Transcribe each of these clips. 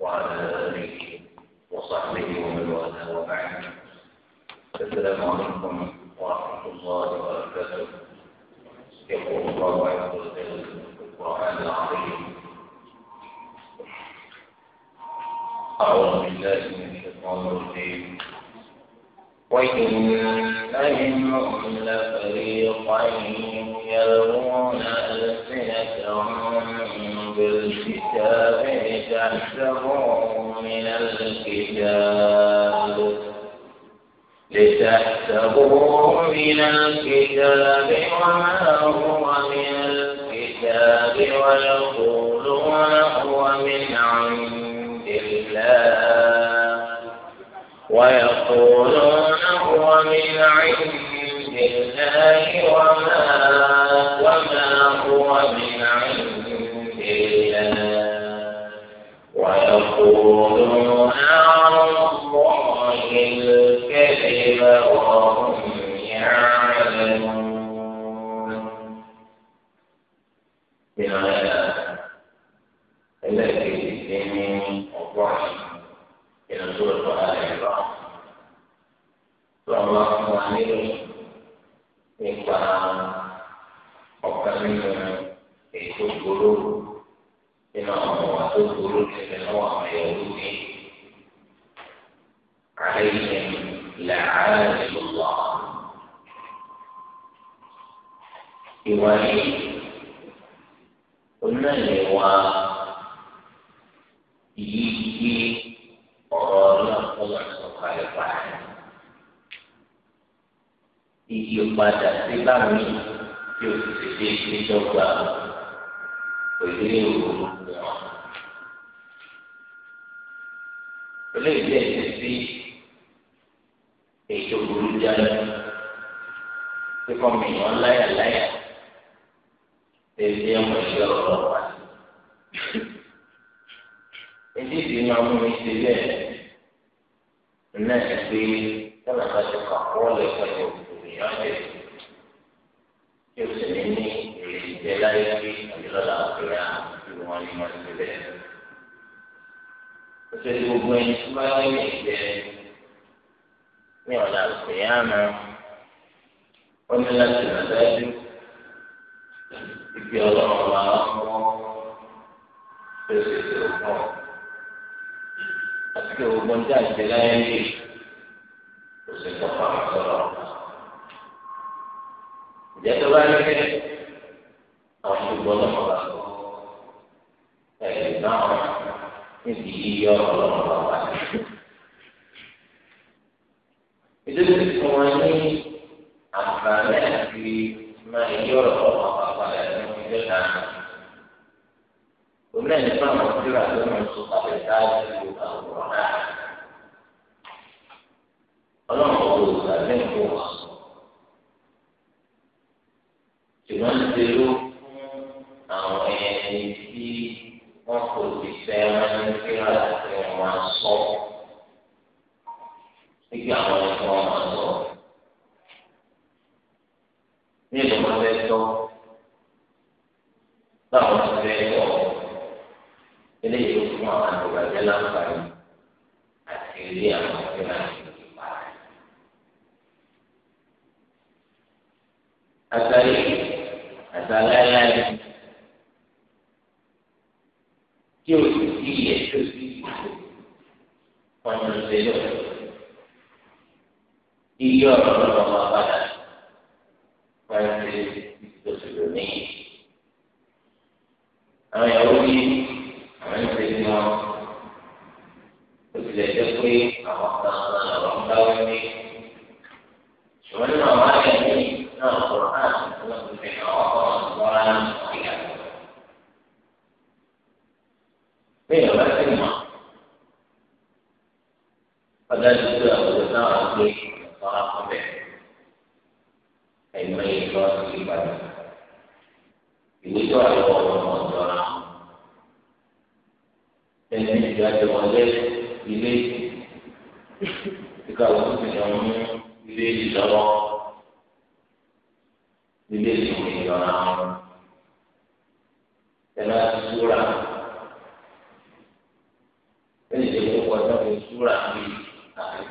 وعلى آله وصحبه ومن والاه السلام عليكم ورحمة الله وبركاته الله بالله من الشيطان الرجيم وإن منهم لفريقين الكتاب لتحسبوه من الكتاب لتحسبوه من الكتاب وما هو من الكتاب ويقولون هو من عند الله ويقولون هو من عند الله وما وما هو من عند يقولوا على الله الكذب وهم يعلمون بمعنى التي من الرحم إلى سورة آل عمران فالله عليه nípa ọ̀kan nínú ètò gbòòrò nínú àwọn ọmọ tó burú nínú àwọn àyẹ̀wò ní àyẹ̀ làálẹ̀ lọ́wọ́. ìwà yìí onílẹ̀ wa yìí yí ọ̀rọ̀ náà tó lọ sọ̀kalẹ̀ pàdé. ìyípadà sí báwọn yìí tí o ti ṣe déédéé dọ́gba. ويدينهم برحمة eléyìí bí ẹsẹ̀ sí ètò burú jáde tí kò mìíràn láyàláyà èdè ọmọ ìṣe ọ̀rọ̀ wa èdè ìdí máa mú mi ṣe bẹ́ẹ̀ náà ṣe pé sábà bá ti kà kọ́ ọ̀lẹ́kọ̀ọ́ ìròyìn ọ̀dẹ̀ tí o sì ní ní ìjẹ́ láyé bí àbílọ́lá ọ̀kẹ́rẹ́ àti wọn ni wọ́n ti bẹ̀rẹ̀. Ọ̀sẹ̀ tí gbogbo ẹni tó bá wọ́n ní ìjẹ́ ní ọ̀la àgbẹ̀yà náà wọ́n ní láti rà dájú ibi ọlọ́run wa mọ́ pèsè ìṣòro àti kí gbogbo ń dá ìjẹ́ láyé bí ọ̀sẹ̀ tó fà wọ́n sọ̀rọ̀. Ìjẹ́ tó bá ní kẹ́kẹ́ àwọn olùgbọ́ lọ́wọ́ bá lọ ẹ̀ẹ́dì náà níbi yíyọ ọlọ́wọ́ bá wà ní. ìdílé ti fún wọn ní àǹfààní àti máa yíyọ ọlọ́wọ́ bá padà ní ìjọ náà. òun náà ní fún àwọn tíra tó ń sọ pàtó dájú àwòrán náà. ọlọ́wọ́ kò gbà lẹ́kọ̀ọ́ ṣùgbọ́n ń ṣe lóko. wọn kò sì fẹ́ wọn ní kíra àti wọn sọ nígbà àwọn ẹni wọn máa sọ ní ìlú wọn fẹ́ sọ báwọn ti fẹ́ sọ eléyìí ló fún àwọn àgbàgbẹ́ láǹfààní àti ilé àwọn kíra àti ìgbà àtàlẹ́ àtàlẹ́ láyé tí o sì sí ilẹ̀ tí o sì sí ọmọ ìṣe lọ. Iye ọ̀rọ̀ lọ́wọ́ máa padà máa ń ṣe ìtòsí lónìí. Àwọn ìyàwó ní àwọn ìṣe ní wọn. O sì lè jẹ́ pé àwọn kan máa lọ ní. Ṣùgbọ́n nínú àwọn ọ̀dájú pé àwùjọ táwọn gbé ọ̀rá fún bẹ́ẹ̀ ẹ̀yìn mẹ́yìn lọ sí ìbàdàn ìwé tó àlọ́ ọ̀rọ̀ ọ̀dọ́ra ẹni ìdájọ́ ọ̀lẹ́ ilé ìka àwọn tó ti mú ilé ìlọ́wọ́ ilé ìwé ìlọ́ra ẹ̀rọ àti súra.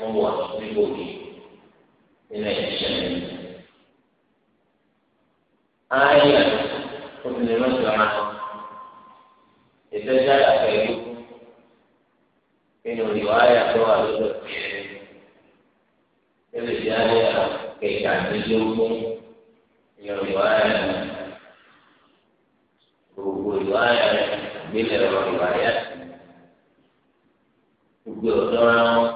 wọn wọ aṣọ nígbò ní nílẹ̀ ìṣẹ́ mi. ayé obìnrin náà jọra ìfẹsẹ̀ àyàfẹ́ yìí nínú ìwà àyàfẹ́ wà lọ́dọ̀ tiẹ̀ eléyìí ayé kẹta nílógún nínú ìwà àyàfẹ́ gbogbo ìwà àyàfẹ́ gbélé ọ̀rọ̀ ìwà àyàfẹ́ gbogbo ọ̀dọ́ ara wọn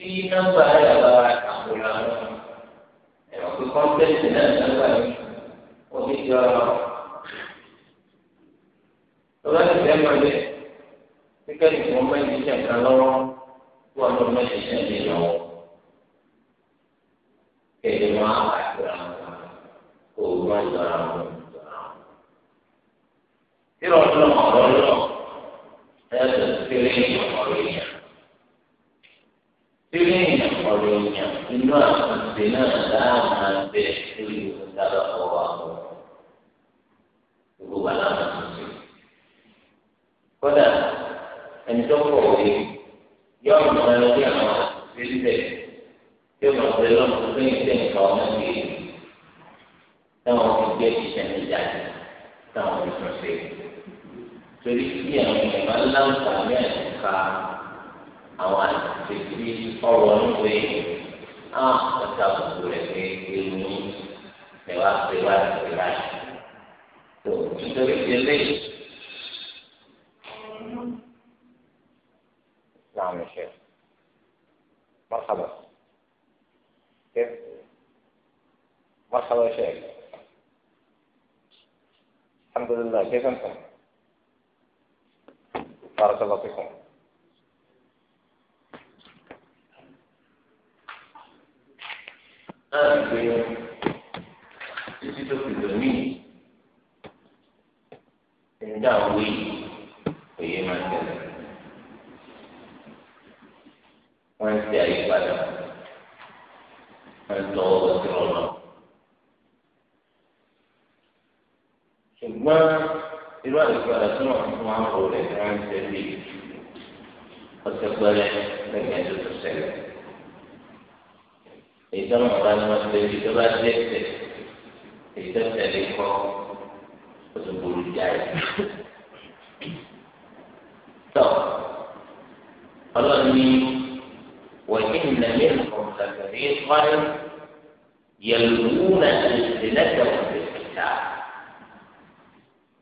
tí nọ́mbà rẹ̀ bá wà kàwé lọ́wọ́ ẹ̀rọ pé kọ́ńtẹ́ǹtì náà nọ́mbà yìí omi ti ọ̀rọ̀ lọ́wọ́ ti fẹ́ mọ̀ bẹ́ẹ̀ kíkẹ́ ní wọ́n máa ń ṣiṣẹ́ nǹkan lọ́wọ́ kí wọ́n lọ́ọ́ máa ṣiṣẹ́ ní lọ́wọ́ kéde wọn á wà síra wọn kó o ìrọ̀lọ́ ọ̀rọ̀ lọ ẹ̀ ẹ́ tíri ọ̀rọ̀ èèyàn inú àkànṣe náà dáhùn àgbẹ̀ lórí ìdájọ́ ọ̀wọ́ àwọn gbogbo aláwọ̀ àkànṣe. kódà ẹni tó pọ̀ wí yọ ọ̀nà ọ̀rọ̀ bí àwọn àkànṣe síbẹ̀ tí ó máa bẹ̀rẹ̀ lọ́nà tó ń tẹ̀ nǹkan ọmọ kiri táwọn fi gbé ìṣẹ̀lẹ̀ jáde táwọn fi torí kí àwọn èèyàn máa ń láǹfààní àwọn àti tí ọ̀rọ̀ nígbè àwọn ọ̀tá gbogbo rẹ̀ pé ewu ẹ̀ wá pé wá pé báyìí. tó nítorí ti lé náà mi ṣe mọ́sábà ṣe mọ́sábà ṣe alhamdulilayi ṣe fẹ́ fẹ́ barakallahu fikum. náà ti gbé títí tó fi lò mí nígbà wí òye máa ń tẹ̀lé wọ́n ń ṣe àyípadà wọ́n ń tọwọ́ bọ́ sí ọlọ́ ṣùgbọ́n irú àyípadà tí wọ́n fún wa ń rò rẹ̀ wọ́n ń tẹ̀lé ọ̀sẹ̀ pẹ́rẹ́ lẹ́yìn ẹ̀dọ́ tó ṣẹlẹ̀. èyí tó wọn bá ní wọn lé ibi tó bá dé tẹ èyí tó tẹlé kọ o tó burú jáì tọ ọlọ́ni wọ́n ní nàmínú kọ̀ọ̀tàkàrí wáyé yẹlùmúnà ìdílẹ́tẹ̀ òkèkìtà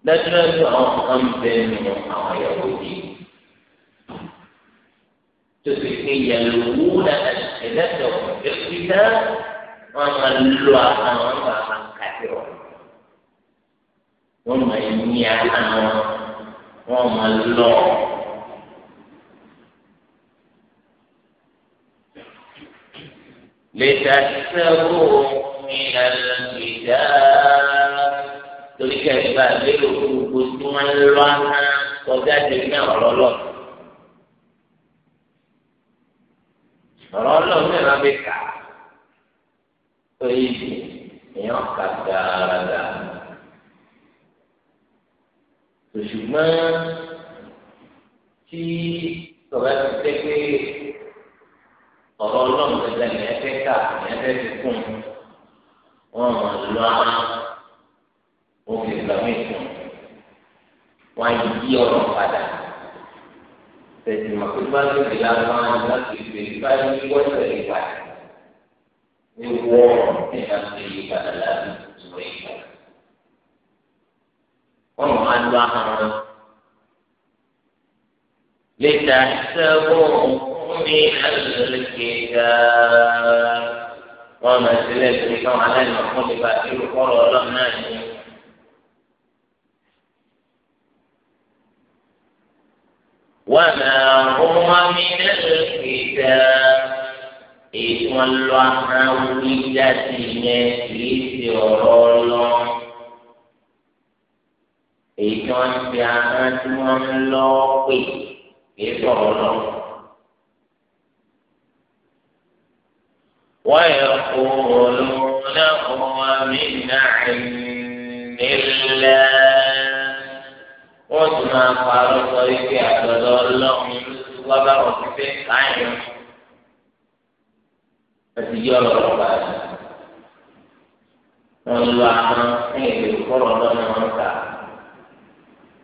dájúdájú àwọn kan bẹ nínú àwọn ìyàwó yìí tó fi pé yẹlùmúnà ìdílẹ́tẹ̀. ẹlẹ́dọ̀kọ̀ ẹ̀kúta wọn máa lo àwọn bàbá kàdé ọ̀ wọn máa ní àwọn wọn máa lọ. لتحسبوا من الكتاب تلك الباب لكم قسما لها وذات من الله ọ̀rọ̀ ọlọ́run náà máa fi kà á tó yí di èèyàn kà dáadáa ṣùgbọ́n tí tọ́ba ti tẹ́ pé ọ̀rọ̀ ọlọ́run tẹ́lẹ̀ ní ẹgbẹ́ kà ní ẹgbẹ́ ti kún wọ́n máa lọ àwọn òfin kún wọ́n yí ọ̀rọ̀ padà. tẹ̀sí màkútùmá ní ìlà máa ń láti fi ìfá ní wọ́sẹ̀ ìgbà ní wọ́ ní àti ìgbà láti tún ìgbà. wọ́n mọ̀ á lọ àwọn لتحسبوه من الكتاب وما سلسل على المحمود فأتيه قرر الله وما هو من الكتاب ìtàn lọ àwọn ìjáde yẹn kìí ṣe ọ̀rọ̀ lọ. ìtàn ti àwọn tí wọ́n ń lọ pè kìí sọ̀rọ̀ lọ. ويقولون هو من عند الله wọ́n sì máa pa lọ́sọ ike àtọ̀dọ̀ ọlọ́run ló wá bá wọn fífẹ́ káyọ̀ àti yí ọ̀rọ̀ ọ̀gbà wọn lu àwọn ẹ̀yìn lè kọ́rọ̀ lọ́nà wọn kà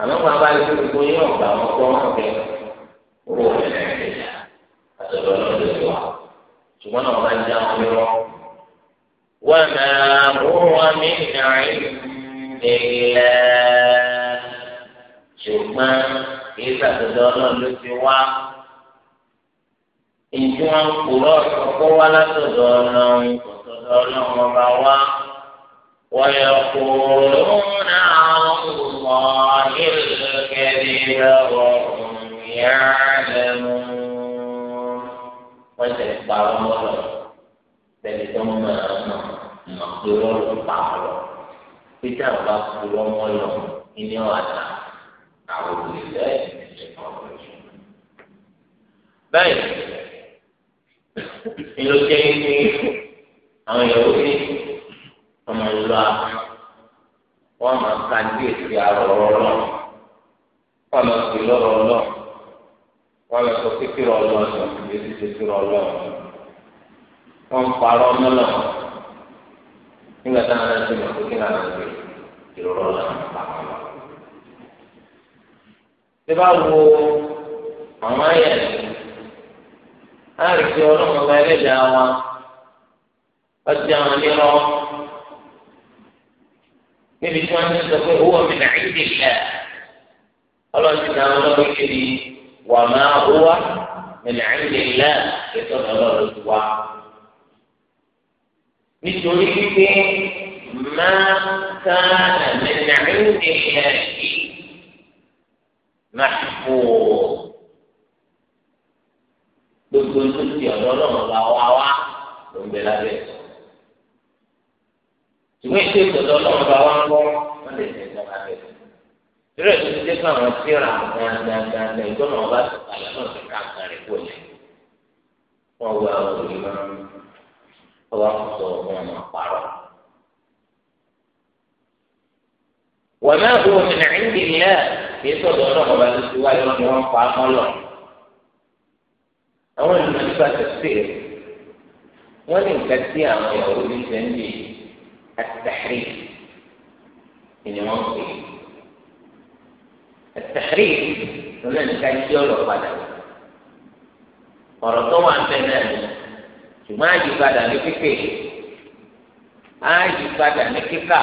àmọ́ bá ọ̀gbà wọn kọ́ wọn kẹ́ owó àtọ̀dọ̀ ṣùgbọ́n náà wọ́n máa ń wọn wọ́n máa ṣùgbọ́n kìí sàtọ̀dọ̀ ọlọ́run ló ti wá ìjú wọn kúrò ọ̀sọ̀kọ́ wá látọ̀dọ̀ ọlọ́run ọ̀sọ̀dọ̀ ọlọ́run ọba wá wọ́yọ̀ kúrò náà ọ̀sọ̀ ìlúkẹ́rì lọ́wọ́ ìyá wọ́n ti pa wọn lọ́wọ́ tẹ̀lé tó máa mọ̀ mọ̀ pé wọ́n lọ pa wọn lọ. pété bá kúrò wọn lọ inú ọ̀dà. أعوذ بالله من الشيطان الرجيم báyìí ìlú jẹ́ ní àwọn ìyàwó ní ọmọ ìlú àwọn wọn máa ka díèsì àrọ̀rọ̀ lọ wọn máa fi lọ́rọ̀ lọ wọn máa sọ kékeré ọlọ́ọ̀nà èsì kékeré ọlọ́ọ̀nà wọn ń parọ́ mọ́lọ̀ nígbà táwọn náà ti mọ̀ kékeré àwọn ìrọ̀rọ̀ lọ́wọ́ pàápàá bí bá wo àwọn ayẹ láàrin tí ọlọ́mọ bá ẹlẹ́dẹ̀ àwọn ọtí àwọn nírọ́ níbi tí wọ́n ti sọ pé owó mi nà ìdí ìlẹ̀ ọlọ́ọ̀tì náà wọ́n lọ́wọ́ kiri wà máa owó mi nà ìdí ìlẹ̀ ètò ọlọ́ọ̀lọ́ ti nítorí pípé máa sáà mi nà ìdí ìlẹ̀ yìí. محفوظ gbogbo tó ti ọ̀dọ́ ọlọ́run la wá wá ló ń bẹ lábẹ́ ẹ̀sọ́ ṣùgbọ́n ètò ìtọ́jú ọlọ́run la wá ń bọ́ wọ́n lè tẹ̀sán lábẹ́ ẹ̀sọ́ ìrẹ̀ tó ti dé fún àwọn síra gbàngbàngbàngbà ìjọ náà bá ti kalẹ̀ náà ti ká nǹkan rẹ̀ lẹ̀ wọ́n wọ àwọn òbí máa ń ọba sọ wọn máa parọ́. wọ́n máa bọ̀ mí nàìjíríà kìí sọ̀dọ̀ náà bàbá tó ti wáyé wọn ni wọ́n pa á mọ́ lọ. àwọn ìlú nípa tẹ̀sí rẹ̀ wọ́n ní nǹkan tí àwọn ìyàwó ní sẹ́ńdì àtàrí ni wọ́n pè é. àtàrí lọ́nà nìkan jí ọ̀rọ̀ padà ọ̀rọ̀ tó wà ń bẹ náà ni ṣùgbọ́n àyípadà ní pípé àyípadà ní kíkà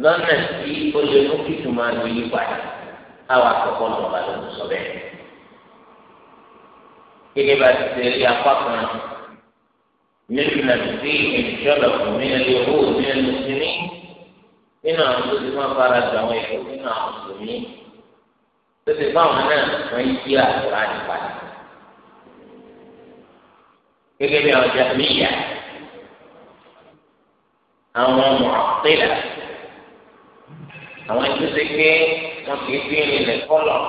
lọ́nà tí ó lè mú kí tuma lè yí padà àwọn àkọ́kọ́ lọ́ba ló ń sọ bẹ́ẹ̀. gẹ́gẹ́ bá ti ṣe rí apá kan nínú nàìjíríà ìṣọ́lọ̀ fún mi lè hó mi lè sinmi nínú àwọn tó ti máa fara jọ àwọn èkó nínú àwọn mùsùlùmí tó ti fáwọn náà wọ́n yí àkùrá nípadà. gẹ́gẹ́ bí àwọn jàmíyà àwọn mọ̀ọ́tẹ́là àwọn ẹni tó ṣe pé wọn kì í fi irin lẹ̀ kọ́lọ̀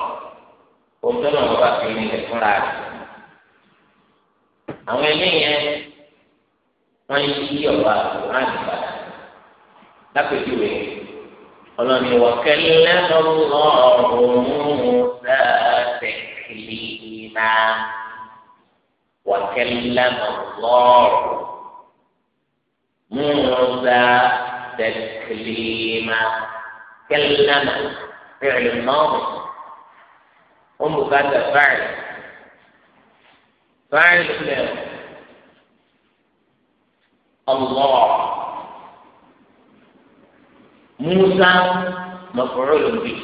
ohun tó náà wọn bá fi irin lẹ̀ fúnra rẹ̀ àwọn ẹni yẹn wọn yí ọ̀rọ̀ àkùrán ìbàdàn lápẹjúwe ọlọ́ni wà kẹ́lẹ́ lọ́rùn Musa tẹ̀kìlìmá wà kẹ́lẹ́ lọ́rùn Musa tẹ̀kìlìmá. كلم فعل الماضي ومكاتب فاعل فاعل الله موسى مفعول به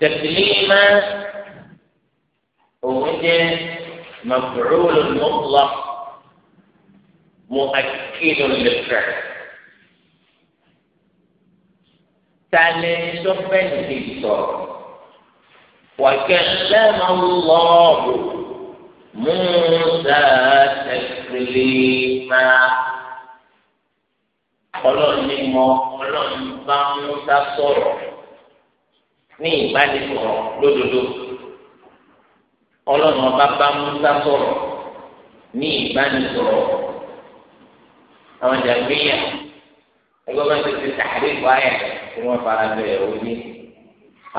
تسليما وجه مفعول مطلق مؤكد للفعل تالي سبن بيتور وكلم الله موسى تكليما ọlọ́run ní mọ ọlọ́run bá musa sọ̀rọ̀ ní ìbánisọ̀rọ̀ lódodo ọlọ́run ọba bá musa sọ̀rọ̀ ní ìbánisọ̀rọ̀ àwọn jàmbíyà ẹgbẹ́ bá ti ti tàbí fún ayẹyẹ tí wọ́n fara bẹ ẹ̀rọ ní.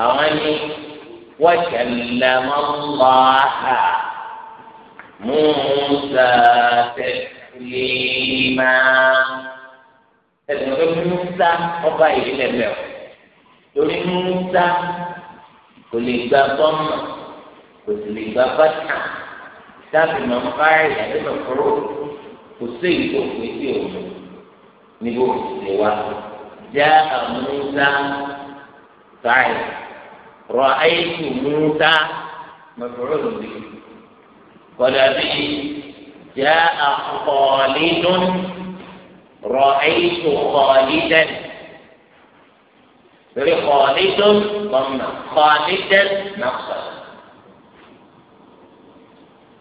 àwọn ní wọ́n ṣẹlẹ̀ mọ́lá ha Musa tẹ̀sílímà. ẹ̀sìn pé Musa ọba yìí lẹ́lẹ̀ o torí Musa kò lè gba bọ́mà kò sì lè gba bàtà dábì mọ́ fáìlì àti mọ́ kò sí ìdókòwò òun ní bó جاء موسى صحيح رأيت موسى مفعول به ولبي جاء خالد رأيت خالدا خالد ضمن خالدا نقصا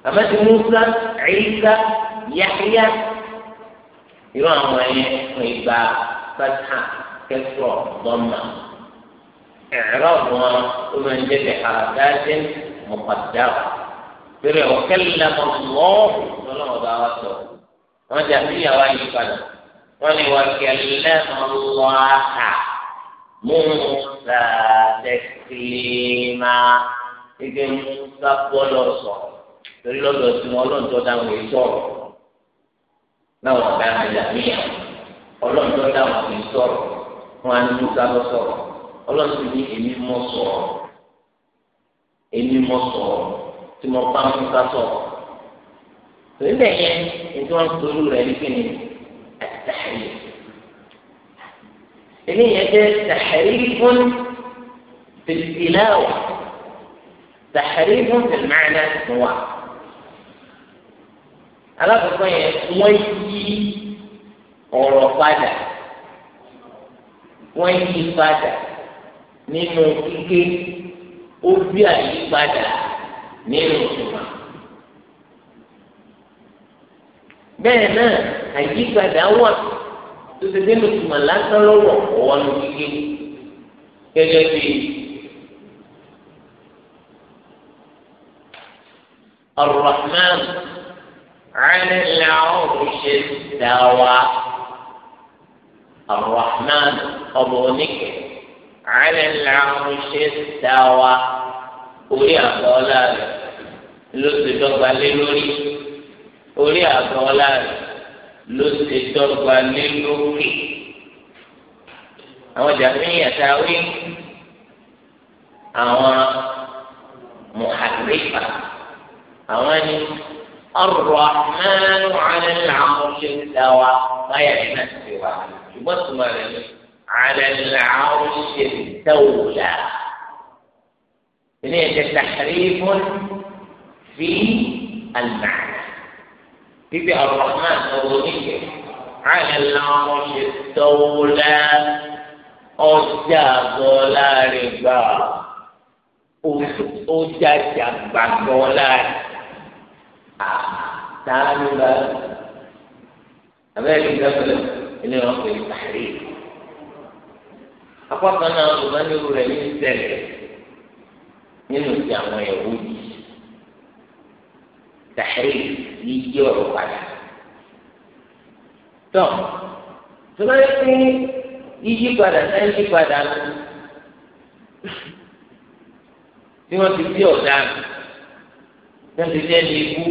أما موسى عيسى يحيى يوم ما يبقى fatha kẹsọ bọmà ẹrọ wọn ó máa ń jẹ bẹ àdájẹ mọkàdá pẹrẹ ọkẹlẹ mọmọ lọlọrọ bá wa sọ wọn jà sí ìyàwó ayé padà wọn ni wọn kẹlẹ mọmọ àhà múnsà tẹsílímà ike múnsà bọlọ sọ torí lọ́dọ̀ tí wọn lọ́dọ̀ dáhùn èyí sọ̀rọ̀ náà wọn dáhùn ìyàmíyàwó ọlọ́run tó dá wọn kì í sọ̀rọ̀ wọn á ní musa lọ sọ̀rọ̀ ọlọ́run sì ní èmi mọ̀ sọ̀rọ̀ èmi mọ̀ sọ̀rọ̀ tí mo bá musa sọ̀rọ̀ tòlẹ́ yẹn ètò wọn torí rẹ̀ ní kíni àtàrí èmi yẹn jẹ́ tàhárí fún tìlìláwà tàhárí fún tìlìmáàlá wà alákòókò yẹn wọ́n yí ọ̀rọ̀ padà wọ́n yí padà nínú kíké ó bí àyípadà nínú ìtumọ̀. bẹ́ẹ̀ náà àyípadà wà tó ti dénú ìtumọ̀ lásán lọ́wọ́ ọ̀wọ́ nu kíké gẹ́gẹ́ bí الرحمن على العرش استوى الرحمن أبو نكر على العرش استوى orí àgbà ọlá rẹ̀ ló ti dọ́gba lé lórí orí àgbà ọlá rẹ̀ ló ti dọ́gba lé lókè àwọn jàmíyà táwí àwọn muharifa àwọn ẹni ọrọ àmọ́ àwọn ẹni làwọn ṣe ń dá wa báyà ní náà ti wà ní. مثمرا على العرش الدولة إن تحريف في المعنى في بيع الرحمن أظنك على العرش الدولة أجاب ولا ربا أجاب ولا ربا آه، تعالوا بقى أمريكا ilé wọn pè ní tàrí akọ́kàn náà lọ́gbọ́n ní irú rẹ̀ ní ìṣẹ̀lẹ̀ nínú ti àwọn ẹ̀wọ́ yìí tàrí yìí yí ọ̀rọ̀ padà tọ́ tó bá yíyí padà náà yí padà lọ tí wọ́n ti bí ọ̀daràn tí wọ́n ti dẹ́ni ikú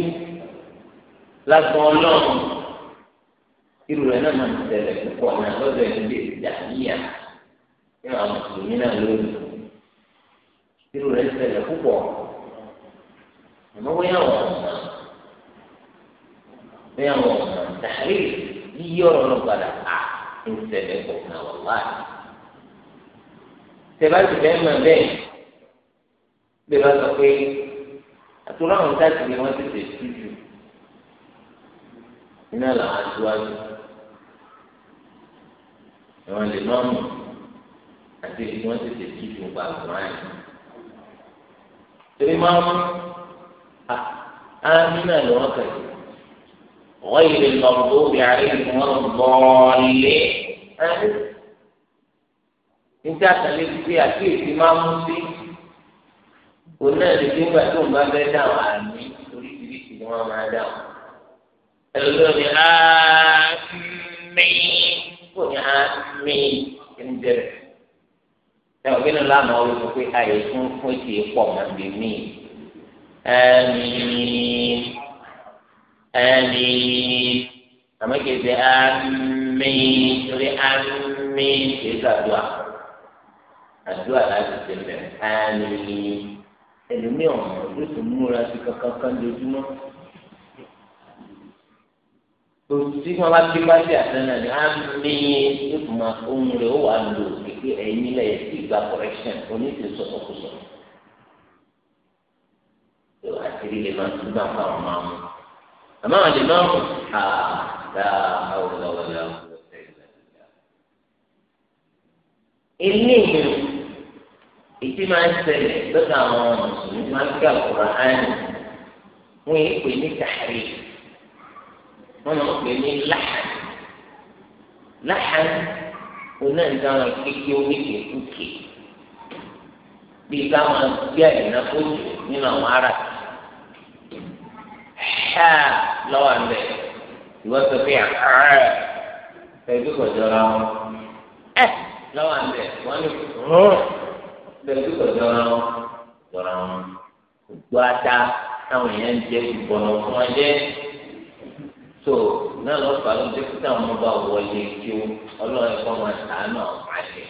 lásán ọlọ́run irú rẹ̀ náà máa ń tẹ̀lé púpọ̀ náà lọ́dọ̀ ẹni lè dà níyà nínú àwọn mùsùlùmí náà lónìí irú rẹ̀ tẹ̀lé púpọ̀ àmọ́ wọ́n yà wọ́n ọ̀nà wọ́n yà wọ́n ọ̀nà tàrí yíyí ọ̀rọ̀ náà padà à ń tẹ̀lé pọ̀ náà wọ́n láàyè tẹ̀bátì bẹ́ẹ̀ mọ̀ bẹ́ẹ̀ bẹ́ẹ̀ bá sọ pé àtúrọ̀ àwọn táàtì ni wọ́n ti tẹ̀ sí ju iná làwọn aṣọ àjò ìwọ̀n lè mọ́mù àti èyí wọ́n tètè kí fún gbàgbọ́n àyè. Èyí máa mú àmì náà ni wọ́n kẹ̀lé. Wọ́n yìí lè lọ bó bí àárẹ̀ ìfún wọn bọ́ọ̀lì. Níta kan lè fi àkíyèsí máa mú sí. Òun náà lè fi ńgbà tó ń bá bẹ́ dáhùn àmì oríṣiríṣi ni wọ́n máa dáhùn. Ẹlòmíràn ni àmì kò ní àmì ìdẹ̀rẹ̀ ẹ ò gbẹ́nu lánàá ó lọ pé àyè fún fún ètò ìpọ̀ máa bè mí ẹ̀mí ẹ̀mí àmọ́ kìí ṣe àmì torí àmì kìí ṣàdúrà àdúrà láti ṣe bẹ̀rẹ̀ àmì ẹlòmíràn ló ti múra sí kankan kan lójúmọ́ òtítí wọn bá gbé pàṣẹ àtẹnà ni á mí ìfúnma ohun rẹ ó wà lò kékeré ẹyin lẹ sí ìgbà correction oníṣẹ sọsọkùsọ tó àtìrí lè máa tún náà fáwọn máa mú àmọ́ àwọn lè máa mú àdá àwòrán-àwòrán ilé ìlú ìdí máa ń ṣẹlẹ̀ lọ́dọ̀ àwọn mùsùlùmí máa ń gbà kúrò áyìn wọn èèpè ní kàrí wọn máa ń pè ní láhàn láhàn oná ìdáhùn kékeré oníkèékúkè bí ká máa gbé àyìnà kóòtù nínú àwọn ará ṣá lọ́wọ́ àmì ìwọ́n sọ pé àkàrà pẹ̀lú kọ̀jọ́ra wọn ẹ̀ lọ́wọ́ àmì wọ́n ní rún pẹ̀lú kọ̀jọ́ra wọn jọra wọn gbọ́ ata táwọn èèyàn ń jẹ́ ìbọ̀nà fún wọn tó náà lọ fà lóde kí táwọn ọmọ bá wọlé kí ó ọlọ́run ẹ̀kọ́ máa tà á náà wáyé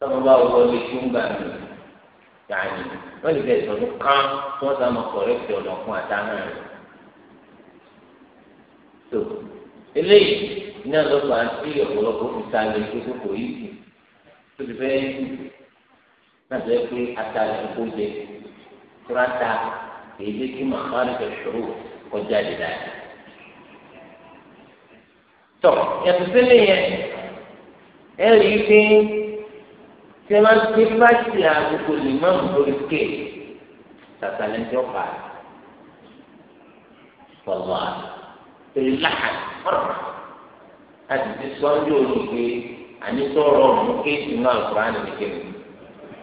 táwọn bá wọlé kí ó ń gbà mí yàní wọ́n lè bẹ̀rẹ̀ ìtọ́jú kán kí wọ́n sáà máa kọ̀rẹ́ fi ọ̀nà fún àdáhà rẹ̀ tó eléyìí náà lọ fà sí ọ̀pọ̀lọpọ̀ fi ta lè kó kókò yìí kì tó ti fẹ́ náà tó yẹ pé ata lè kó jẹ tó èyí lé kí màkàrí kẹ̀ ṣòro kọjá lè dà yìí. tọ yàtọ̀ sílẹ̀ yẹn ẹ rí i pé tí ẹ máa ń gbé fáṣí àgùkù lè má mú lórí ké tàtà lẹ́ni tí ó pa á pọ̀lọ́ à torí láhà ọ̀rọ̀ láti ti sọ ní òní pé àní tó rọrùn kéèsì náà kúrò á nìyí kéèmù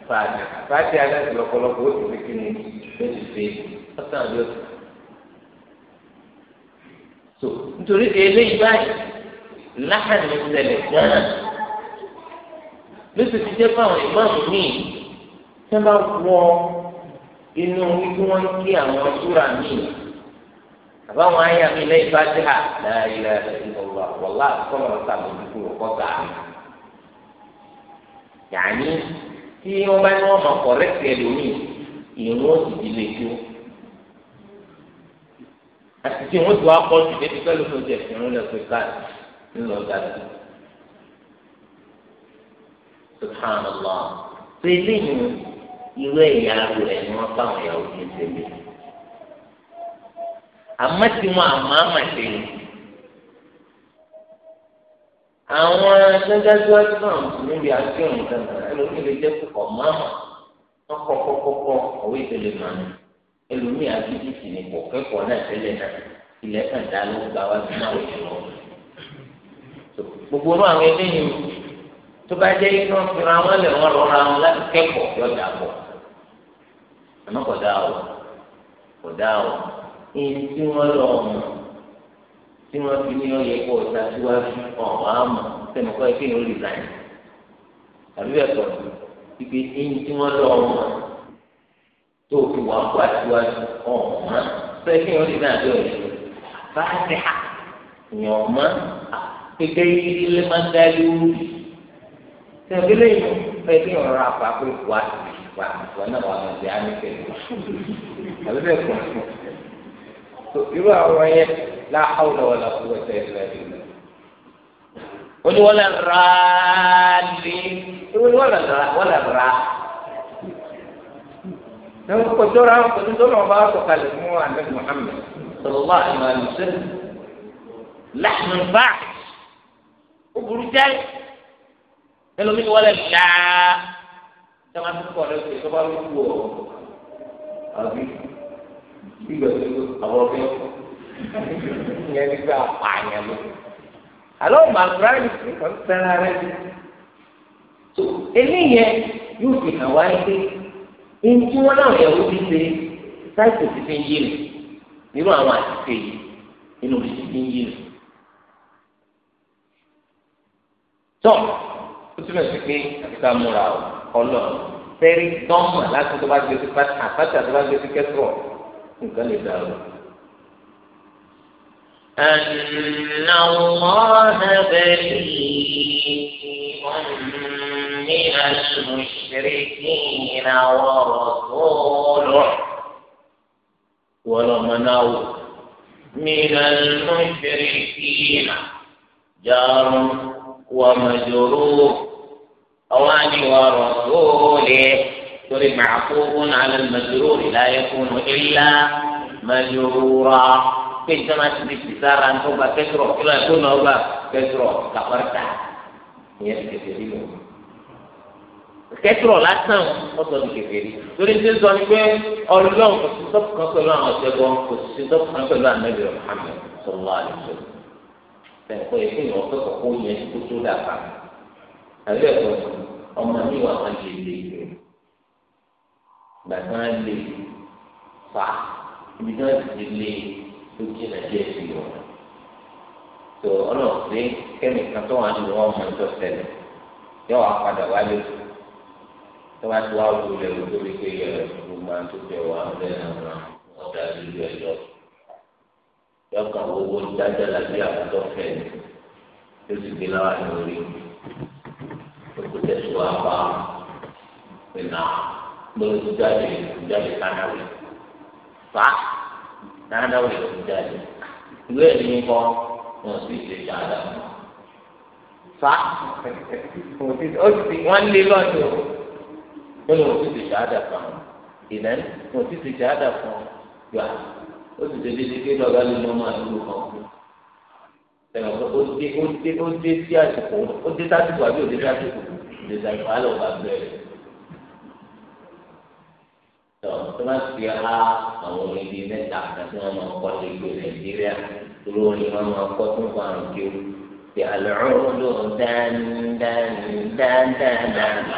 fàtì fàtì aláìsí ọ̀pọ̀lọpọ̀ ó ti fi kí ni ó ti fi ọ̀sán àbí ọ̀sán. so nítorí ti eléyìí báyìí láhàní ìṣẹ̀lẹ̀ gan lóṣù tí jẹ fáwọn ìmáàmù míì tí wọn bá wọ inú wípé wọn ń kí àwọn súra míì àbáwọn àyà mi lẹ́yìn bá dé láàyè yàní tí wọn bá ní wọn mọ kọrẹtì ẹlòmíì ìrún òsì tó. àti tí wọ́n ti wá kọ́ ju débi pẹ́lú mi ò jẹ́ ìrún lẹ̀ pé ká ńlọ dáadáa. subhanallah ṣe eléyìí irú ẹ̀yà rẹ̀ ni wọ́n báwọn ìyàwó mi tẹ̀lé. àmọ́ tí wọ́n àmọ́ àmọ́ tẹ̀lé. àwọn adájọ́ tí wọ́n ti níbi àti òǹkà náà ló ní lè jẹ́ kókò máàmá wọ́n kọ́ kọ́kọ́ kọ́ òwe ìtẹ̀lé màmá ẹlòmíì àbíjìtì ni kò kẹ́kọ̀ọ́ náà tẹ́lẹ̀ náà ilẹ̀ kan dá ló gba wá sí náà òjò lọ. gbogbo náà àwọn eléyìí tó bá jẹ́ iná fira wọn lè wọ́n rọra wọn láti kẹ́kọ̀ọ́ yọjà bọ̀ àmọ́ kò dáa o kò dáa o ẹni tí wọ́n lọ mọ̀ tí wọ́n fi ní ọyẹ kó ọ̀tá síwájú ọ̀hún àmọ̀ sẹ́nu kọ́ ẹ kéèyàn yìí àbí bẹ́ẹ̀ kọ́ ibi ẹni tí wọ́n lọ mọ̀ tó fi wà ń kó àtiwájú ọ̀mọ́ fẹ́ kí wọ́n lè ní àjọ yìí bá a ti hà yàn mọ́ kékeré yìí lè má dá lóru tẹ̀lé yìí fẹ́ kí wọ́n ra àpá pé wà wà wà náà wà lọ sí àmìkẹ́ àbí bẹ́ẹ̀ kọ́ tó irú àwọn yẹn la hawla wala quwwata illa billah oníwọ́lẹ̀ rà á lé oníwọ́lẹ̀ rà á ní kòtòrò àwọn kòtòrò tó lọ́wọ́ bá sọ̀kalẹ̀ fún ànábì Muhammad sọlọ́lá àmà lùsẹ́lẹ̀ láàmú bá ó burú jẹ́ ẹlòmíì wọlé gbà sọ́mà tó kọ̀ lọ́wọ́ tó bá wù ọ́ àbí gbígbà tó àwọn ọ̀bẹ ìyẹn ní gbà pààyàn lọ. àlọ́ màgbára ní kò ń sẹ́ra rẹ̀ tó eléyẹn yóò fi hàn wáyé ní tí wọn náà yẹwò ti ṣe táìsì ti fi ń yé mi nínú àwọn àtìkè yìí nínú mi ti fi ń yé mi. tó o túmọ̀ sí pé àtìká múra o ọlọ tẹ́rí dánmà láti tó bá gbé sí àpáta tó bá gbé sí kẹ́tọ̀ nǹkan lè dàrú. أن الله بريء من المشركين ورسوله ولمنعوا من المشركين جار ومجرور أواني ورسوله تري معقوب على المجرور لا يكون إلا مجرورا كنت ما تدري بسارة أن تبقى كسرة كلا يكون أبقى كسرة كفرتا هي كثيرين kẹtùrọ lásán ọsọ ní kékeré torí ti sọ ni pé Ọlọ́run kò sí tọpù kan pẹ̀lú àwọn ọsẹgbọn kò sí tọpù kan pẹ̀lú anabi Muhammad sọlá àlùfẹ tẹnukọ yẹ kí ni ọkọ kọkọ yẹ kó tó dàgbà àbí ẹ̀kọ́ ọmọ mi wà wọn lè lè lè gbàgbọ́n lè fà ibi tí wọn ti lè tó jìnnà díẹ̀ sí wọn tó Ọlọ́run pé kẹmíkan tó wà nínú wọn mọ ìtọ́sẹ̀lẹ̀ yọ wà padà wálé tó tó bá tó àwọn olè wò tó lè ké yẹ gbogbo àwọn tó tẹ wà lẹ àwọn ọ̀dà lílu ẹ̀ lọ. yọkàn owó dáadáa làbí àwọn tó fẹ́ tó sì gbé láwa ní orí òkú tẹ̀síwá bá ìnà lórí jáde jáde kánáwé fa kánáwé lórí jáde ìwé ẹ̀rí ń kọ́ wọn sì ṣe dáadáa fa ó lé lọ́dún wọn lòun ti ti ṣáàdà fún ọ ìnáni wọn ti ti ṣáàdà fún ọ gbà ó ti tẹ̀lé ti ké lọ́ba nínú ọmọ àdúgbò kan fún ẹ̀rọ ó dé ó dé ó dé sí àsìkò ó dé sásìkò àbí ó dé sásìkò ó dé sásìkò á lọ bá bẹ̀rẹ̀ tọ́ tó ti ha àwọn oníbi mẹ́ta àti wọn máa kọ́ ní ìlú nàìjíríà dúró ni wọn máa kọ́ tó ń fa àrùn kí o ti àlọ́ ọ̀rọ̀ lò dáadáa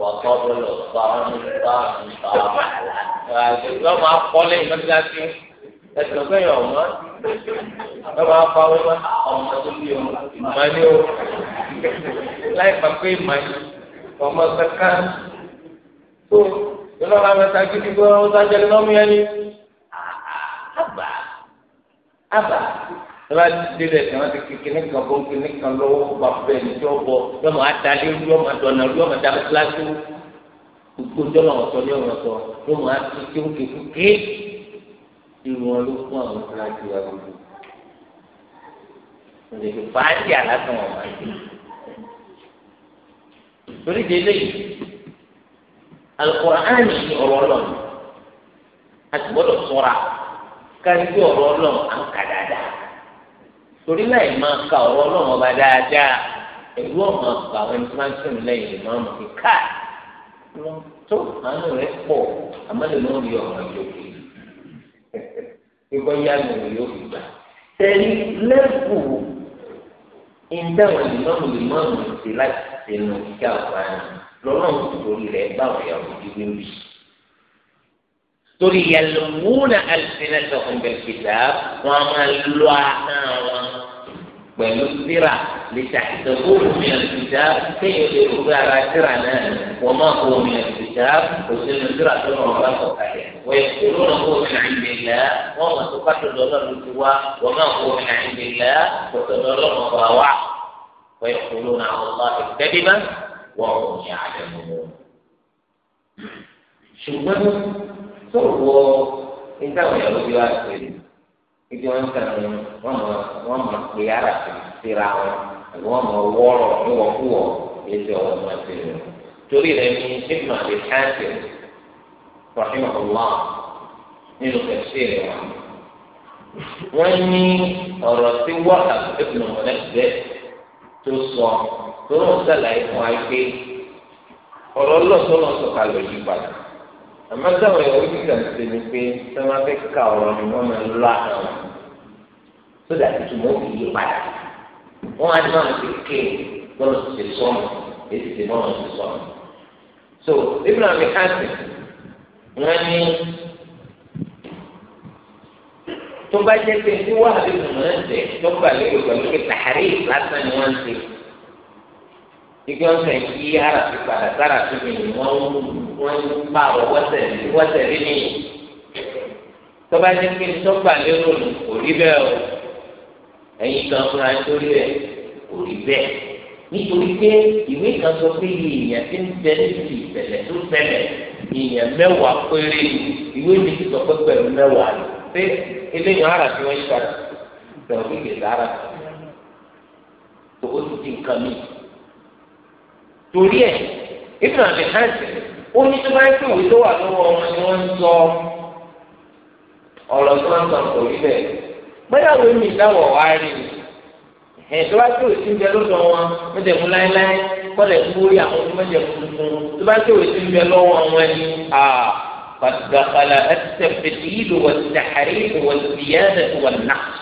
wọ́pọ̀ lọ sọ́ọ́nù sọ́ọ́nù sọ́ọ́nù. Ìjọba máa kọ́ lẹ́yìn mọ́tíláṣí. Ẹ̀sìn ọ̀gbẹ́ yẹn ọ̀mọ́. Ẹ máa fa owó mọ́ ọmọ tó bí o. Màá ní o. Láì pa pé màá ní ọmọ kankan. Tó ìlọ́ra mẹ́ta gidi gbọ́ ọ́n sájẹ́ lọ́mú yẹn ni. Àbá. Àbá tọ́lá ti dé rẹ̀ tẹ̀wọ́n ti kékeré nìkan bó nìkan lọ́wọ́ bá bẹ́ẹ̀ ní tí ó bọ̀ yọ máa dalé rú yọ máa dọ̀nà rú yọ máa dàbí kíláàsì rú gbogbo jọ́nà ọ̀sọ́ ní ọ̀rọ̀ sọ yọ máa ti tí ó ké kúké irun wọn fún àwọn kíláàsì wa gbogbo òdèdè fàájì alásán wọn máa torí délé Al-Qur'an ni ọ̀rọ̀ lọ a ti gbọ́dọ̀ ṣọ́ra káyọ̀ ọ̀rọ̀ lọ à torí láì máa ka ọ̀rọ̀ ọlọ́run ọba dáadáa ẹ̀rú ọ̀mà ka àwọn ẹni tó máa ń sìn lẹ́yìn ìmọ̀ ọmọ fi ká lọ tó àánú rẹ pọ̀ àmọ́ lè mọ́ rí ọ̀rọ̀ ìjọ kiri ìbọn yá mi rí yóò fi gbà. tẹ̀lé lẹ́kù ìdáhùn ìmọ̀mù ìmọ̀mù ti láti sẹ́nu kíkà ọ̀gbà lọ́nà òtòrí rẹ̀ báwọn yà wọ́n dídí wí. torí yàlùmúnà lọ pẹ̀lú síra lè ṣàkíyèsí omi àtijọ́ kéèyàn lè rú bí ara síra náà wọ́n máa kó omi àtijọ́ òṣèlú síra tó rọrùn bá sọ̀ kalẹ̀ wọ́n yẹ kó lọ́nà kó omi àìlèlá wọ́n mọ̀ tó bá tọ̀dọ̀ lọ́nà ti wá wọ́n máa kó omi àìlèlá kó tọ̀dọ̀ lọ́nà bá wá wọ́n yẹ kó lọ́nà àwọn ọmọ ìtẹ́bíbá wọ́n mọ̀ ní àlẹ́ mọ́. ṣùgbọ́n tó wọ ibi wọn kàn ní wọn mọ wọn mọ pé ara síra wọn àbí wọn mọ wọrọ níwọkúwọ èsì ọwọ máa ti rẹ torí rẹ ní ibùdó àti káàtì rahim allah nínú kẹsì rẹ wọn wọn ní ọ̀rọ̀ tí wọta ibùdó ọlẹsẹ tó sọ tó ń sàlàyé fún wa pé ọ̀rọ̀ lọsọlọsọ kalẹ yí padà àmọ́ táwọn ẹ̀wọ̀n yìí kàn ṣe ni pé sọ ma fẹ́ ka ọ̀rọ̀ ni wọ́n máa lọ àwọn sódà tuntun mọ́ kì í padà wọ́n á ní àwọn kékeré lọ́nà ṣe sọ́nù èsì tí wọ́n ṣe sọ́nù. so Ibrahim kasi wọ́n ní tó bá jẹ́ pé tí wọ́n á lè mọ̀ ẹ́ sẹ́ tó gbà lérò pẹ̀lú pé tàhárí lásán ni wọ́n ń ṣe ike wọn fẹ́ yí ara ti padà sára tó mi wọn wọn bá wọ wọsẹ wọsẹ rí ni tọba ní kí n tọgbà lérò nù kò rí bẹ́ẹ̀ o ẹ̀yin kan fúnra nítorí ẹ kò rí bẹ́ẹ̀ nítorí pé ìwé kan sọ pé èèyàn ti ń bẹ níbi ìbẹ̀lẹ̀ tó bẹ̀lẹ̀ èèyàn mẹ́wàá péré ìwé mi ti sọ pé pẹ̀lú mẹ́wàá ni pé eléyìí ara fi wọ́n ṣe padà tẹ̀wọ́n kékeré ara tó o ti di nǹkan mìíràn torí ẹ̀ ibùdó àbí hajj ó ní tó bá ń kíwèé tó wà lọ́wọ́ wọn ni wọ́n ń sọ ọ̀rọ̀ tó ń sàn kò rí bẹ́ẹ̀ gbẹ́dọ̀ wo mi ìdáwọ̀ wá rí ẹ̀ tó bá kíwèé sí ń bẹ lọ́dọ̀ wọn mẹ́tẹ̀ẹ̀mú láéláé kọ́lẹ̀ kúrò àwọn tó mẹ́tẹ̀ẹ̀mú tuntun tó bá kíwèé sí ń bẹ lọ́wọ́ wọn ni فدخل التبديل والتحريف والزيادة والنقص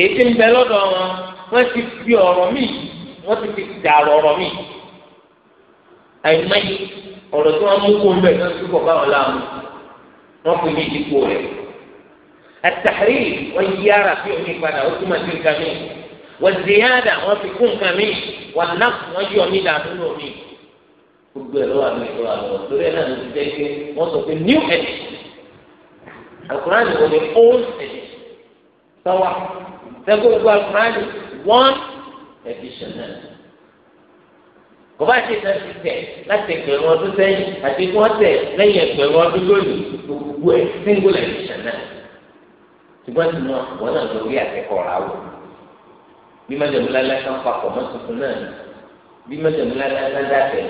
èyí tí ń bẹ lọ́dọ̀ wọn wọ́n ti fi ọ̀rọ̀ míì wọ́n ti fi dàrọ̀ ọ̀rọ̀ mi àìmọye ọ̀rọ̀ tí wọ́n mú kó ń bẹ̀ náà tó kọ̀ báwọn láàmú wọ́n fi mí dípò rẹ̀ àtàrí wọ́n yí ara fi omi padà ó túmọ̀ sí nǹkan mi wọ́n ziyada wọ́n fi kún nǹkan mi wọ́n ná wọ́n yọ mí dànù lómi gbogbo ẹ̀ lọ́wọ́ àmì ìlú àlọ́ lórí ẹ̀ náà ló ti jẹ́ pé wọ́n sọ pé new edition alukurani wọ́n ní old edition sọ́wọ́ sẹ́gbẹ́ gbogbo alukurani one edition náà kò bá ṣe ìtàn ti tẹ̀ láti ẹgbẹ̀rún ọdún sẹ́yìn àti kí wọ́n tẹ̀ lẹ́yìn ẹgbẹ̀rún ọdún lónìí gbogbo ẹ̀ single edition náà ṣùgbọ́n tí wọ́n wọ́n náà lórí àtẹ̀kọ̀ ra wò bí mẹ́jọ̀mú lálẹ́ kan papọ̀ mọ́ tuntun náà bí mẹ́jọ̀mú lálẹ́ kan dàtẹ̀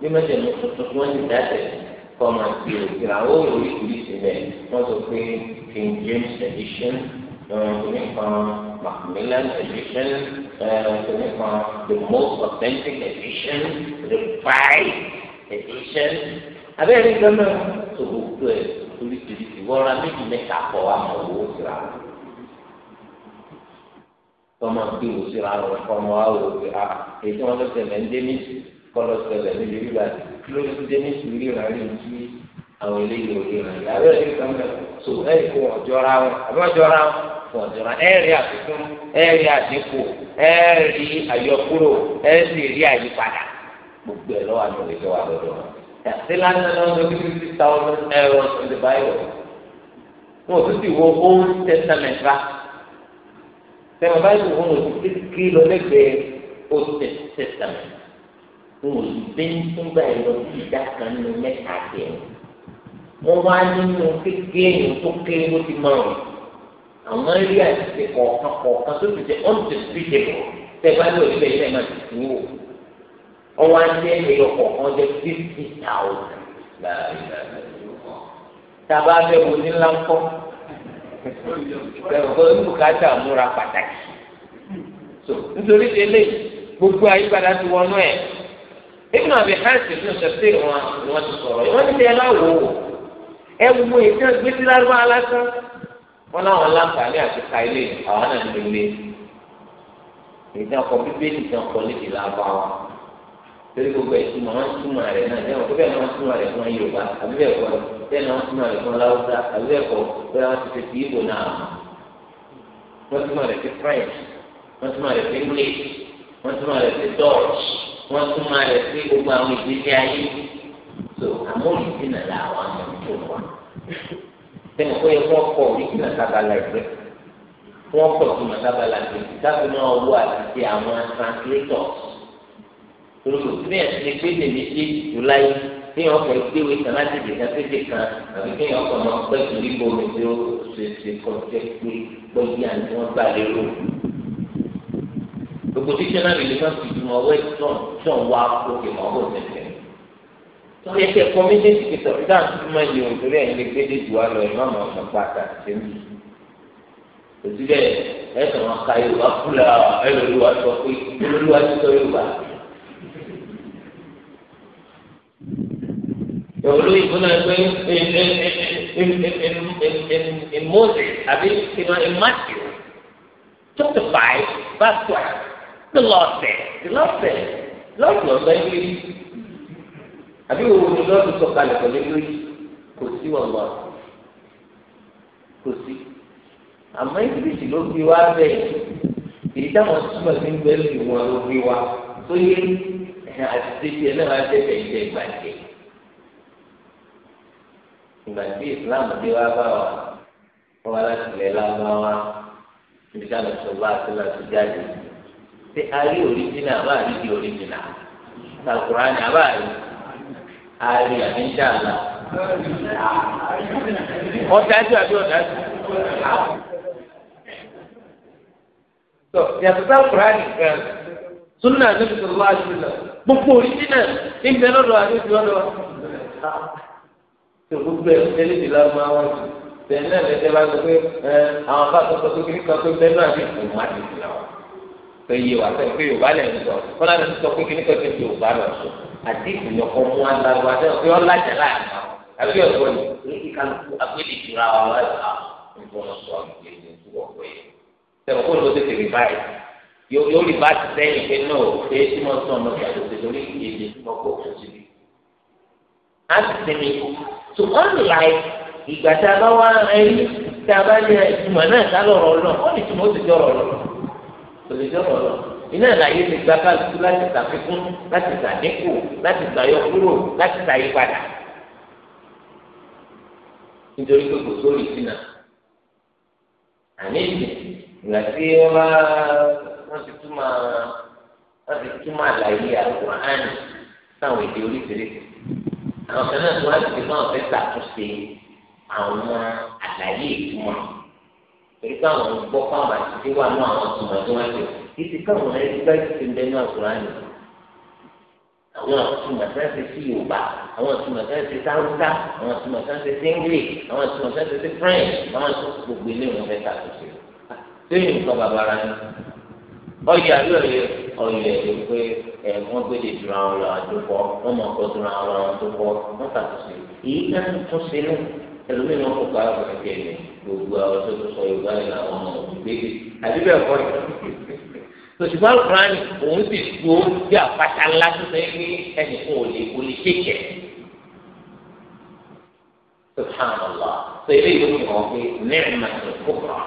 bí mẹ́jọ̀mú tuntun tí wọ́n ti dàtẹ̀ kọ́ máa ti òkè àwọn òyìnbó wọ́n sọ pé King James edition kìnnìkan Macmillan edition kìnnìkan the most authentic edition the price edition abẹ́rẹ́ gbọ́dọ̀ tó gbogbo ẹ̀ oríṣiríṣi wọ́ra méjì mẹ́ta kọ́ wa mọ̀ owó síra tọ́mọ gbé wò síra rẹ̀ kọ́mọ wa wò pé a èyí wọn lọ ṣẹlẹ̀ ń dé ní kọ́lọ́ ṣẹlẹ̀ níbi rírà kí ló ń dé ní sùúrù rírà rí ní àwọn eléyìí òde rẹ̀ abẹ́rẹ́ gbọ́dọ̀ tó ẹ̀ kó wọn jọra wọn àbí wọn jọra wọn fún ọjọra ẹẹrí àfikún ẹẹrí àdínkù ẹẹrí àyọkúrò ẹẹrí rí àyípadà gbogbo ẹ lọ́wọ́ àti òwe tó wà lọ́dọ̀ wọn. yàtí lánàá lọ́wọ́ lórí fifty thousand euros in the bible wọn ò tún ti wo old testament rà sẹ́wọ̀n báyìí wọn ò tún kí lọ lẹ́gbẹ̀ẹ́ old testament wọn ò sì dé nígbà yìí lọ sí ìdá kan nínú mẹ́ta tiẹ̀ wọ́n wá nínú kékeré tó kéré bó ti máa wọ̀ àwọn eré àtìsí kọ̀ọ̀kan kọ̀ọ̀kan tó ti jẹ́ undisputed tẹ́gbà ní orílẹ̀ yìí náà ti sìn wò ọwọ́ ajé ẹ̀yọ kọ̀ọ̀kan jẹ́ fifty thousand láàrin tàbá fẹ́ wo ní ńlá ńkọ́ ẹ̀fọ́ ìbùkátà múra pàtàkì nítorí ti eléyìí gbogbo àyípadà ti wọnú ẹ̀ nínú àbí hàǹsì fún ṣẹ̀ṣẹ̀ wọn ni wọ́n ti sọ̀rọ̀ wọ́n ti tẹ́ ẹ láwò ó ẹ wo ètò ìgbésí lárúbá alásán wọn láwọn láǹfààní àti ka ilé àwọn náà ní ilé ìdá ọkọ bíbélì ìdá ọkọ nídìí lába wa torí gbogbo ìtumọ̀ wọn túmọ̀ rẹ̀ náà jẹ́ wọn bẹ́ẹ̀ ni wọ́n túmọ̀ rẹ̀ fún Yorùbá àbí bẹ́ẹ̀ kọ́ bẹ́ẹ̀ ni wọ́n túmọ̀ rẹ̀ fún Láwùsá àbí bẹ́ẹ̀ kọ́ bẹ́ẹ̀ wọ́n ti fi ti Ìgbò náà wọ́n túmọ̀ rẹ̀ sí French wọ́n túmọ̀ rẹ̀ sí English wọ́n túmọ̀ rẹ̀ sí Dutch wọ́n túmọ̀ rẹ̀ sí gbogbo àwọn ìgbésí ayé so àmọ́ òrìṣìnà làwọn àmọ̀ tó wà sẹ́ni ó yẹ kí wọ́n kọ́ ìgbìmọ̀ sábàlá rẹ̀ kí wọ́n kọ́ ìgbìmọ̀ sábàlá rẹ̀ sábà máa wọ àtìsí àwọn translators lórí òfin ẹ̀ ti gbé lè méjì jù láyé kí wọ́n kọ́ ìgbéwé kan láti dèjà sédè kan àbí kí wọ́n kọ́ máa pẹ́ torí bomi tí ó ṣe ṣe kọ́ jẹ́ pé gbọ́dí àti wọ́n gbà lérò. gbogbo tíṣẹ́ náà lè lè má fi jùmọ̀ wẹ́ẹ̀ tán tán wá òkè mọ́ torí ẹsẹ ẹ̀kọ́ méjèèjì kìtọ ìdá àtúntò máa yẹ òun torí ẹ̀yin lè gbédè jù wá lọ ẹ má máa fún pàtà sẹmi òtún bẹ́ẹ̀ ẹsẹ wọn ka yorùbá fúlà ẹlòlúwa sọ pé ẹlòlúwa ti sọ yorùbá olóyìnbó náà gbé in àbí in chapter five verse twelve the Lord said the Lord said the Lord lọ àbí òwò ni lọ́ọ̀dù sọ̀kalẹ̀ pẹ̀lú lórí kò sí wàwà kò sí àmọ́ ìgbésí ló gbé wá bẹ́ẹ̀ èyí táwọn súnmọ́ sí ń bẹ́ẹ̀ lù wọn ló gbé wá tó yé àti tètè náà wá tẹ̀tẹ̀ ìjẹ́ ìgbàjẹ́ ìgbà tí Islam dé wá bá wa wọ́n wá láti lẹ̀ lágbáwá níbi táwọn ìṣọ̀lá àti láti jáde ṣé a rí òríjìnà àbá àríjì òríjìnà ṣàkùrọ̀ àná àbá àríjì àárín àbíńdàlà ọ̀dájú àbí ọ̀dájú. tó yàtọ̀ sáà kúrò àdìgbà sunna anabi sallallahu alaihi wa sallam gbogbo original ìgbẹ́ lọ́dọ̀ àdójú ọ̀dọ̀ wa. tó gbogbo ẹ̀ tẹ́lẹ̀ ti lọ́mọ àwọn jù tẹ̀lé náà lẹ́tẹ̀ bá sọ pé àwọn bá sọ pé kí kan tó bẹ́ẹ̀ náà bí kò má ti fi lọ. pé iye wà sẹ́yìn pé yorùbá lẹ̀ ń sọ kọ́lá lè sọ pé kí ní kan yorùbá lọ sọ àti ìpìlẹ̀kọ mú aláwọ̀ àti ọ̀fẹ́ ọ̀làjà láàrin àbí ọ̀gbọ́n ní èyí kan kú agbélé ìtura wa wá ìlà nǹkan sọ àgbègbè ní ìtúwọ̀ pé sẹ́wọ̀n kó ló tètè rí báyìí yóò rí bá ti sẹ́yìn pé náà pé tí wọ́n sọ ọmọ ìgbà tó ti lórí ìyẹ́dẹ́ tí wọ́n kọ́ ọ̀tún síbi. a ti sinmi to unlike ìgbà tá a bá wá ẹni tá a bá ní ìtumọ̀ náà sálọ̀rọ̀ ọlọ́ọ̀ ó ní ìtumọ̀ ó iná ìlàyé ti gba kálukú láti ṣàfikún láti ṣàdínkù láti ṣàyọkúrò láti ṣàyípadà nítorí pé kò sórí ìsinà àní ìsìn ìgbà tí wọn bá wọn ti túmọ̀ wọn ti túmọ̀ àlàyé Al-Qur'an sáwọn èdè oríṣiríṣi àwọn kan náà tó wá sí náà fẹ́ ṣàtúnṣe àwọn àlàyé ìtumọ̀ torí pé àwọn gbọ́ fáwọn àti tí wà ní àwọn ìtumọ̀ tó wá sí o títí káwọn ẹgbẹ́ ti ń bẹnu àkùránì àwọn àtúmọ̀ tí wọ́n ti sí yorùbá àwọn àtúmọ̀ tí wọ́n ti sí haúsá àwọn àtúmọ̀ tí wọ́n ti sí english àwọn àtúmọ̀ tí wọ́n ti sí french àwọn àtúmọ̀ gbogbo ilé wọn fẹ́ ṣàtúnṣe lóyún nǹkan bàbá ara ni ọyẹ àlọ yẹ ọyẹ yẹ pé ẹ wọn gbèdè dùrà wọn lọ àdókọ wọn mọ ọkọ dùrà wọn lọ àdókọ wọn ṣàtúnṣe èyí náà tún ṣe náà ẹlòmíì náà kó kọ́ àwọn ẹgbẹ́ yẹn gbogbo àwọn tó tó sọ yorùbá yẹn làwọn ọmọ òbí gbé tòṣùpá alukurani òun sì dúró bí àpáta ńlá tó sẹ pé ẹnì kan ò lè kó lè kéèké subhanallah tó ilé yìí ló fi hàn pé nẹ́ẹ̀mà tó kókòrò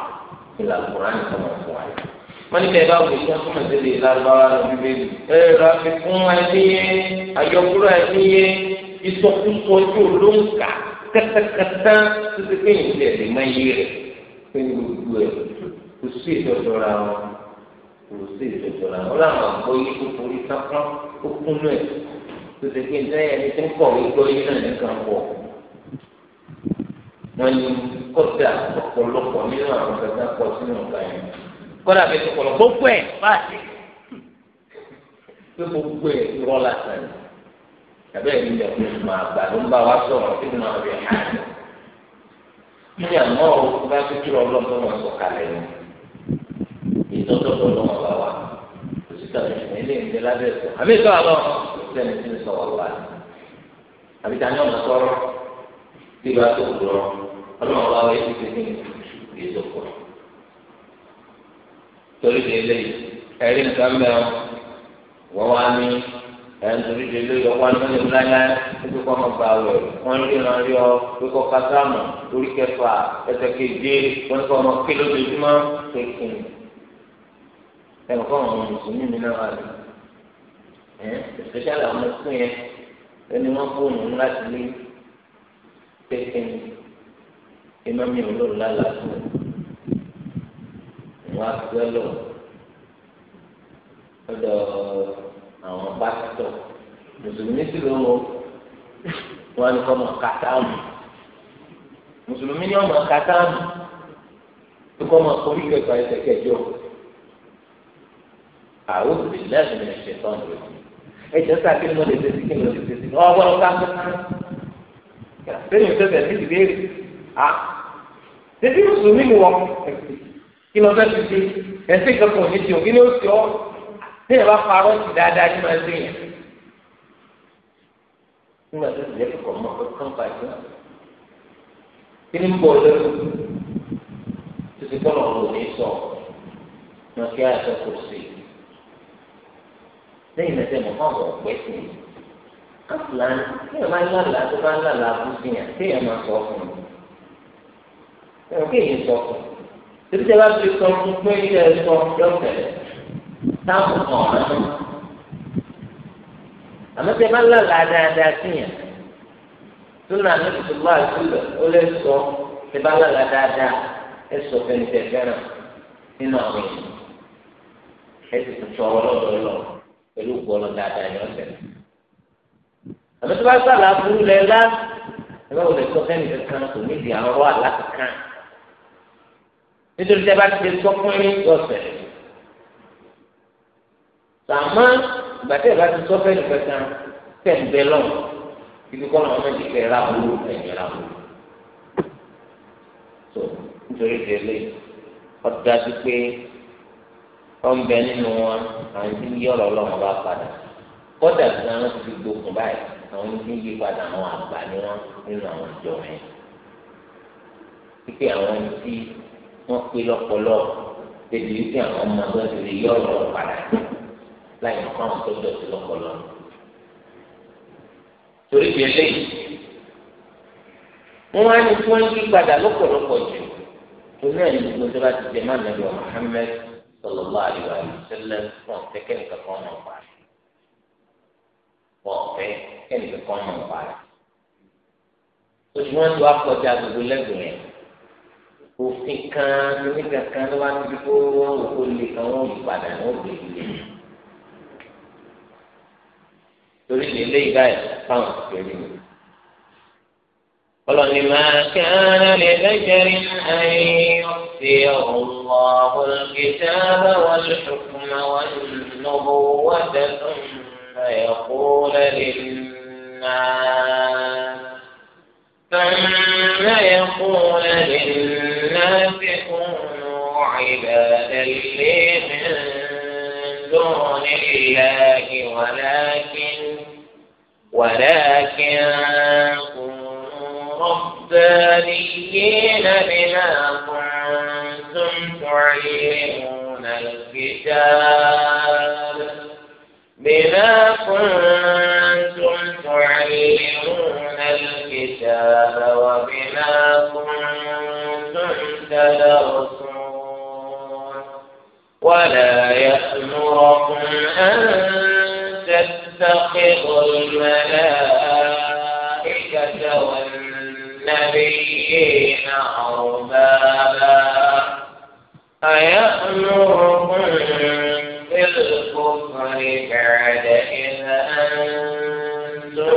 ìlà alukurani tó máa fún wa yìí wọ́n ní bẹ́ẹ̀ bá wò ó sọ́kùn ìdílé lárúbáwá lọ bí bẹ́ẹ̀ ẹ rà fi fún ẹbí yẹn àyọkúrò ẹbí yẹn ìsọkúsọ ojú ló kẹtẹkẹtẹ títí pé ìdílé ẹ̀ kò sí ìtòjò náà wọn làwọn àgbọ yìí tó forí sápá tó kún náà tó ti pé ǹjẹ́ ẹni tó ń kọ̀ wí yìí náà nìkan pọ̀ wọn ni kódà ọ̀pọ̀lọpọ̀ nínú àwọn kẹta pọ̀ sínú ọ̀gá yẹn kódà bẹ́ẹ̀ tó gbogbo ẹ̀ báyìí pé gbogbo ẹ̀ irọ́ lásán tàbí ẹ̀mí ni ọ̀pọ̀ ìgbìmọ̀ àgbà ló ń bá wa sọ̀rọ̀ sí ìgbìmọ̀ àgbà yẹn ní àmọ́ òkú bá tó kí ọlọ́run ìtọ́jọ́ pọ̀ lọ́wọ́ bá wa kò sí tàbí ìṣẹ̀lẹ̀ ilé ìgbẹ́ lábẹ́ ẹ̀sọ́ àbí ìtọ́ àlọ́ sẹ́ni tí ń sọ wà wá àbí tani ọ̀nà sọ̀rọ̀ bí ìgbà tó kù lọ ọlọ́run bá wa yẹ kí ní ìgbésọ̀ pọ̀ torí de ilé ẹ̀rí nǹkan mẹ́rin wọ́n wá ní ẹnìtorí de ilé ọkọ alẹ́ ńláńlá títí kọ́ ọmọ gbà wẹ̀ wọ́n rí ran rí ọ pé ẹ̀rọ kọ́ àwọn mùsùlùmí mi náà wà lọ ẹ̀ especially àwọn ẹkún yẹn ẹni wọ́n fóònù ńlá ti lé pékin iná mi ò lò lálàáfíà wọ́n á gbé lọ lọ́dọ̀ àwọn pásítọ̀ mùsùlùmí sì ló wọ́n wọ́n á ní kọ́ ọmọ kàtàmù mùsùlùmí ní ọmọ kàtàmù tó kọ́ ọmọ orí kẹfà kẹjọ àwọn òbí lẹ́yìn ní ẹ̀ṣẹ̀ tán lórí ẹ̀jẹ̀ sá kí ni mo lè ṣe sí kí ni mo lè ṣe sí ọwọ́ ọ̀gá tó kán sẹ́yìn tó tẹ̀lé ti béèrè à tètè mùsùlùmí ni wọ́n kí lọ́ọ́ fẹ́ẹ́ fi ṣe ẹ̀sìn kankan ò ní ti òkí ni ó ti ọ́ sẹ́yìn bá parọ́ sí dáadáa ní máa sẹ́yìn nígbà tó ti lẹ́kọ̀ọ́ mọ́ kankan bàjẹ́ kí ni ń bọ̀ lẹ́nu títí kọ́ lọ́ọ́ lò ní sọ lọ́ọ́ kí kò sí lẹ́yìn mẹsẹ mọ fún àwọn ọpẹ sí i káfíńláni kí ẹ máa ń lálàá tó bá ń lálàá kú sí yàn kí ẹ máa sọ fún un ẹ kí èyí sọ fún un títí ẹ bá fi sọ fún pé ilé ẹ sọ yọ tẹ́lẹ̀ táwọn kan ọ̀rọ̀ náà àmọ́ tẹ bá lálàá dáadáa sí yàn túnú àmì ìṣòwò àìsílẹ̀ ó lè sọ tẹ bá lálàá dáadáa ẹ fẹ́ni tẹ fẹ́ràn nínú àwọn èèyàn ẹ pẹ̀lú gbọ́lọ́ dáadáa yọ ọ̀sẹ̀. àmì tó bá sàlà burú lẹ lá ẹ bá wọlé sọ fẹ́ni kankan kò ní ìdí àrọ́ àlá kankan nítorí tẹ́ bá ti lè sọ fún yín yọ ọ̀sẹ̀. sàmá ìgbàdé bá ti sọ fẹ́ni kankan tẹ̀ ń bẹ ibi kọ́ làwọn méjì kẹ́ ẹ láburú ẹ̀yìn láburú. tó nítorí tẹ́lẹ̀ ọ̀dà ti pé wọn bẹ nínú wọn àwọn tí ń yí ọ̀rọ̀ Ọlọ́run bá padà kódà tí wọn ti fi gbókun báyìí àwọn tí ń yí padà àwọn àgbà ni wọn nínú àwọn ìjọ rẹ̀ pípé àwọn tí wọn pé lọpọlọ tẹbi wípé àwọn ọmọ tó ti lè yí ọ̀rọ̀ padà láì mọ káwọn tó dọ̀tí lọpọlọ torí bí eléyìí wọn á ní tí wọn yí padà lọ́pọ̀lọpọ̀ jù tó náà ní gbogbo tó bá ti jẹ má nàbẹ Muhammad sallallahu alaihi wasallam wọn fẹ́ kẹ́nìkan kan náà parí wọn fẹ́ kẹ́nìkan kan náà parí oṣù wọn tó akọjá gbogbo lẹ́gbẹ̀ẹ́ òfin kan nígbà kan ló wá ti kó òkú lè kan wọn yí padà ní òbí ilé torí lè lé ìgbà yẹn fáwọn ìpínlẹ̀ mi. قلني ما كان لبشر أن يؤتيه الله الكتاب والحكم والنبوة ثم يقول للناس ثم يقول للناس كونوا عبادا لي من دون الله ولكن ولكن ربانيين بما كنتم تعلمون الكتاب بما كنتم تعلمون الكتاب وبما كنتم تدرسون ولا يأمركم أن تتخذوا الملائكة والناس النبيين أربابا أيأمركم بالكفر بعد إذ أنتم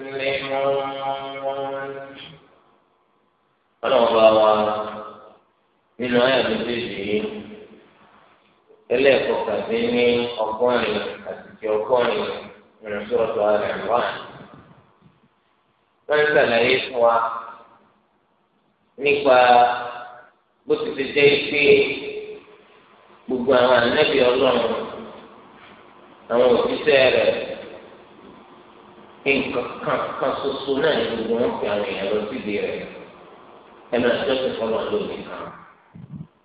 مسلمون ọlọ́run bá wa nínú ayé méjèèjì yìí ẹlẹ́ẹ̀kọ́ kàdé ní ọgọ́rin àti ti ọgọ́rin ìrìnàjò ọ̀tọ̀ àrẹ̀ wáyé. lọ́dún sàlàyé fún wa nípa bó ti ti jẹ́ pé gbogbo àwọn ànábì ọlọ́run àwọn òṣìṣẹ́ rẹ̀ nǹkan kan kan ṣoṣo náà ní gbogbo wọn fi àwọn èèyàn lọ síbi rẹ̀ ẹ máa jọ́sìn fọlọ́ lónìí kan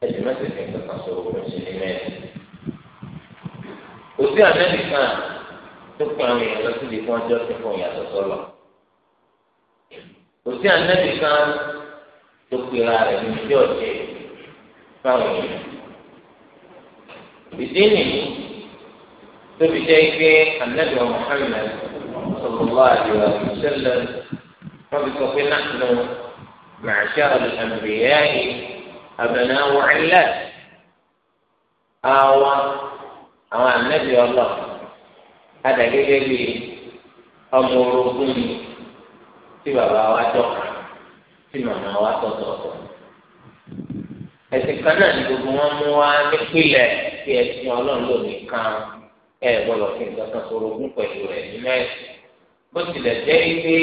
ẹ sì má tẹ̀sí nǹkan kan sọ òun sí ní mẹ́rin. òsì ànábì kan tó pe àwọn èèyàn lọ síbi fún ọjọ́ sí fún ìyàtọ̀ sọ́lọ́ kò sí ànábì kan tó pera rẹ̀ ní ilé ọ̀jẹ̀ fáwọn èèyàn ìdí nìyí tó fi jẹ́ pé ànábì Muhammad sallallahu alaihi wa sallam wọ́n sọ pé nahnu ma'shara al-anbiya'i abna'u 'illat àwọn àwọn ànábì ọlọ́ adàgẹ́gẹ́ bíi ọmọ orogún yìí tí bàbá wa jọ tí màmá wa tọ̀tọ̀tọ̀ ẹ̀sìn kan náà ni gbogbo wọn mú wa nípìnlẹ̀ tí ẹ̀sìn ọlọ́run ló ní kan ẹ̀ gbọ́dọ̀ fi nǹkan kan sọ̀rọ̀ ogún pẹ̀lú rẹ̀ nínú ẹ̀sìn bó tilẹ̀ jẹ́ pé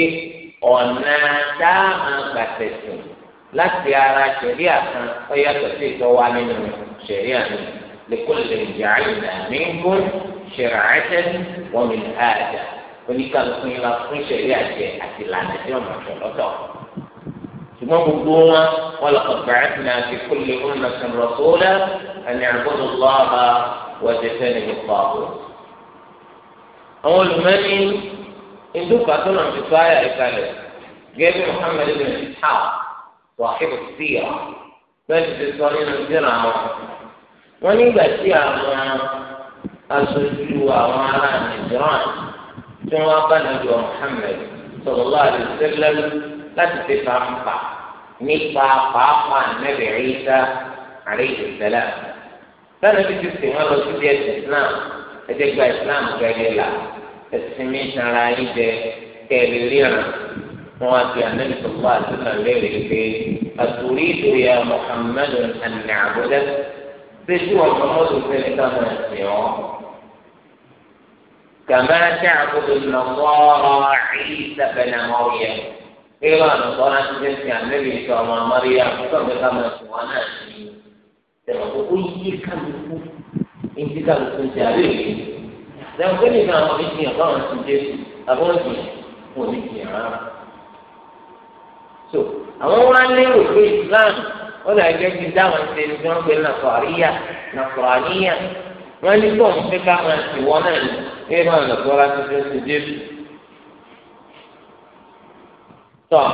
ọ̀nà dáhà gbàtẹ̀sìn láti ara ṣẹ̀ríà kan ó yàtọ̀ sí ìtọ́wá nínú ṣẹ̀ríà mi lẹ́kọ̀ọ́ lè jẹ́ àyìnà mí ní oníkalùkùn yìí la fún ìṣẹ̀lẹ̀ àjẹ àti ìlànà tí wọ́n máa tọ̀ lọ́tọ̀. ṣùgbọ́n gbogbo wọn wọn lọ kọ̀ọ̀bà ẹ̀sìn náà fi kó lè ó lo sọ̀rọ̀ sódà ẹni àgbọ̀dọ̀ lo lọ́ọ̀bà wọ́ọ̀dẹ sẹ́ni ní pààbò. àwọn olùmọ́ni ìdúkà tó nà fi fáyà ìkàlẹ̀ gẹ́gẹ́ muhammed bin ha wàhíbù síyà bẹ́ẹ̀ ti sọ nínú ìdíra wọn. wọ́n nígbà tí àwọn aṣojú àwọn ará nàìjíríà tí wọ́n bá nàbí wa Muhammad sallallahu alaihi wasallam láti fi fàǹfà nípa pàápàá nàbí Ìsá alayhi salam lánàá bí ti sìn wọ́n lọ sí ilé ẹ̀sìn Islam ẹ̀jẹ̀ gba Islam kẹ́lẹ́ la ẹ̀sìn mi sara yín jẹ kẹ́lẹ́ ríran wọ́n wá sí ànábì sallallahu alaihi wasallam lérè pé àtúrí ìdòyà Muhammad an ṣé tí wọ́n mọ́ mọ́tò fẹ́ẹ́ ká máa sìn ọ́. كما تعبد النصارى عيسى بن مريم إلى نصارى تجسي النبي صلى الله عليه وسلم كما كما سوانا تقول كم انت كم كنت عليه لو كان إذا ما بيتني أقرأ سنجس أقول لك ونجي عام so àwọn wọn lérò pé Islam ó lè jẹ́ ti dáhùn ṣe ní wọ́n pè ní nàfàríyà nàfàríyà wọn ní tó ń fi ká máa ti wọ náà ní ẹ máa lọ sọ́ra tuntun ti jésù. tọ́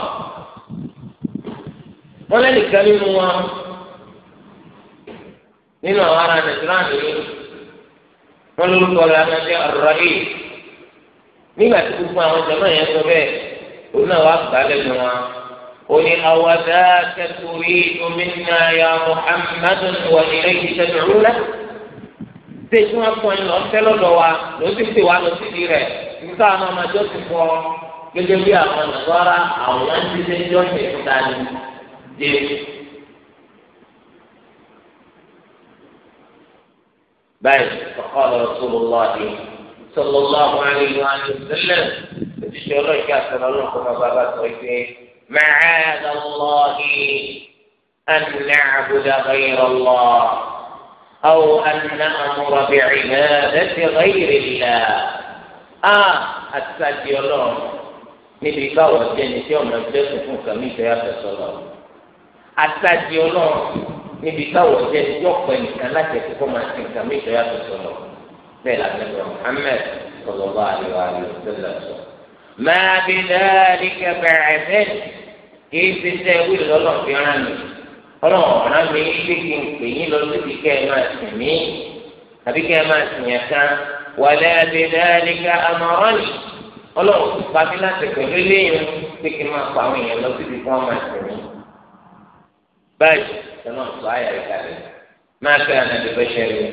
wọn lẹ́nìkan nínú wọn nínú àwọn ará nàìjíríàmù yìí wọn lórúkọ rẹ̀ anájẹ́ ọ̀rọ̀ nígbà tí gbogbo àwọn jọ̀mọ́ yẹn sọ bẹ́ẹ̀ òun náà wàá gbà lẹ́nu wọn. قل أوذاك تريد منا يا محمد وإليه تدعونه ṣe tí wọn fún ẹyin lọ ń tẹ lọ́dọ̀ wa ló ti ṣe wa lọ síbi rẹ nígbà àwọn ọmọdé ti fọ gẹ́gẹ́ bí àwọn nàgbára àwọn ti ṣe ń jọsìn ìfúta ni dé. báyìí ọkọ lọsọlọ lọọdì sọlọ lọọhùn àlejò àti sílẹ̀ òṣìṣẹ́ ọlọsẹ àtàlọ ọlọpàá máa bá bá sọ pé mẹ́ẹ̀ẹ́dọ́lọ́ọ̀hìn ẹnì àbúdá bẹ́yẹ̀rọ̀ lọ́ọ̀. أو أن نأمر بعبادة غير الله آه أتسجي الله níbi káwọ jẹni tí ọmọ jẹsùn fún kàmí ìfẹyà fẹsọlọ àtàjì Ọlọ́run níbi káwọ jẹni tí ọ̀pọ̀ ẹnìkan láti ẹsẹ fún màá sin kàmí ìfẹyà fẹsọlọ bẹ́ẹ̀ làbẹbẹ Muhammad sọlọlọ àríwá àríwá sẹlẹ sọ. máa bí dáadé kẹfẹ ẹfẹ kì í ti sẹ wíìlì lọlọrun fi rán mi. ọlọ́run ọ̀nà mi pé kí n pè yín lọ síbi kẹ́ ẹ máa sìn mí àbí kẹ́ ẹ máa sìn yẹn kan wàlẹ́ abẹ́dáríkà amọ̀rọ́nì ọlọ́run ti pa mí láti pẹ̀lú léyìn pé kí n máa pa àwọn èèyàn lọ síbi kí wọ́n máa sìn mí. báyìí ọlọ́run sọ ayà rẹ̀ kalẹ̀ máa fẹ́ ànàbí bẹ́sẹ̀ rẹ̀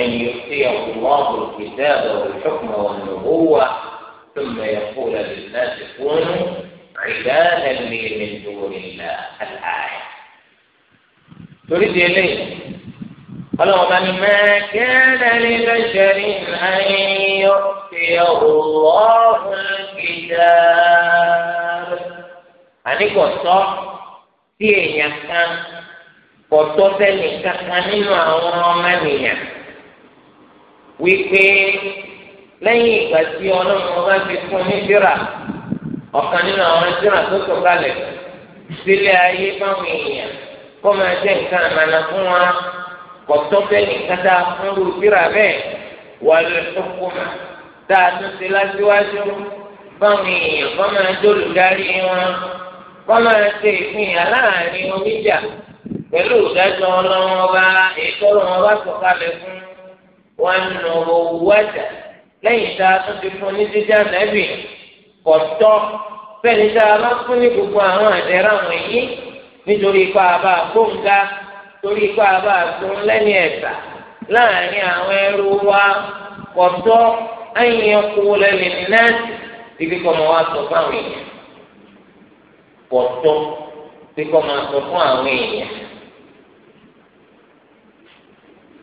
ẹ̀yìn tí ọ̀pọ̀lọpọ̀ kìtẹ́ àbẹ̀wò ìṣọ̀kùnmọ̀ ọ̀nà òwúwa tó mẹ́ẹ̀kú torí di eléyìí ọlọ́wọ́n bá ní mẹ́kẹ́lẹ́ ní lẹ́sẹ̀rí ayọ́ fi ọ̀hún gíga. àníkò sọ sí èèyàn kan kò tó sẹ́ni kankan nínú àwọn ọmọ nìyàn wípé lẹ́yìn ìgbà tí ọlọ́run bá ti fún ní síra ọ̀kan nínú àwọn síra tó sọ̀kalẹ̀ sílé ayé báwọn èèyàn kó máa jẹ́ nǹkan àmàlà fún wa kọ̀tọ́ bẹ́ẹ̀ nìkan dáa fún olùkíra bẹ́ẹ̀ wà lọ́sọ̀kùnmá dáa tó ṣe láṣíwájú báwọn èèyàn kó máa dólùdarí wọn kó máa ṣe ìpínyà láàrin oníjà pẹ̀lú ìdájọ́ ọlọ́wọ́n bá ètò ọlọ́wọ́n bá sọ̀kalẹ̀ fún wọn nù owó wájà lẹ́yìn tá a tún ti fún ní jíjá nẹ́bì kọ̀tọ́ bẹ́ẹ̀ ni tá a bá fún ní gbogbo àwọn àdẹ́rẹ́ àwọn yìí nítorí ikọ́ àbá gbóǹga torí ikọ́ àbá tún lẹ́ni ẹ̀sà láàrin àwọn ẹrú wa kọ̀tọ́ ẹ̀yìn kú lẹ́ni nẹ́ẹ̀sì ibi kọ́ mọ́ wa sọ fún àwọn èèyàn kọ̀tọ́ ibi kọ́ mọ́ sọ fún àwọn èèyàn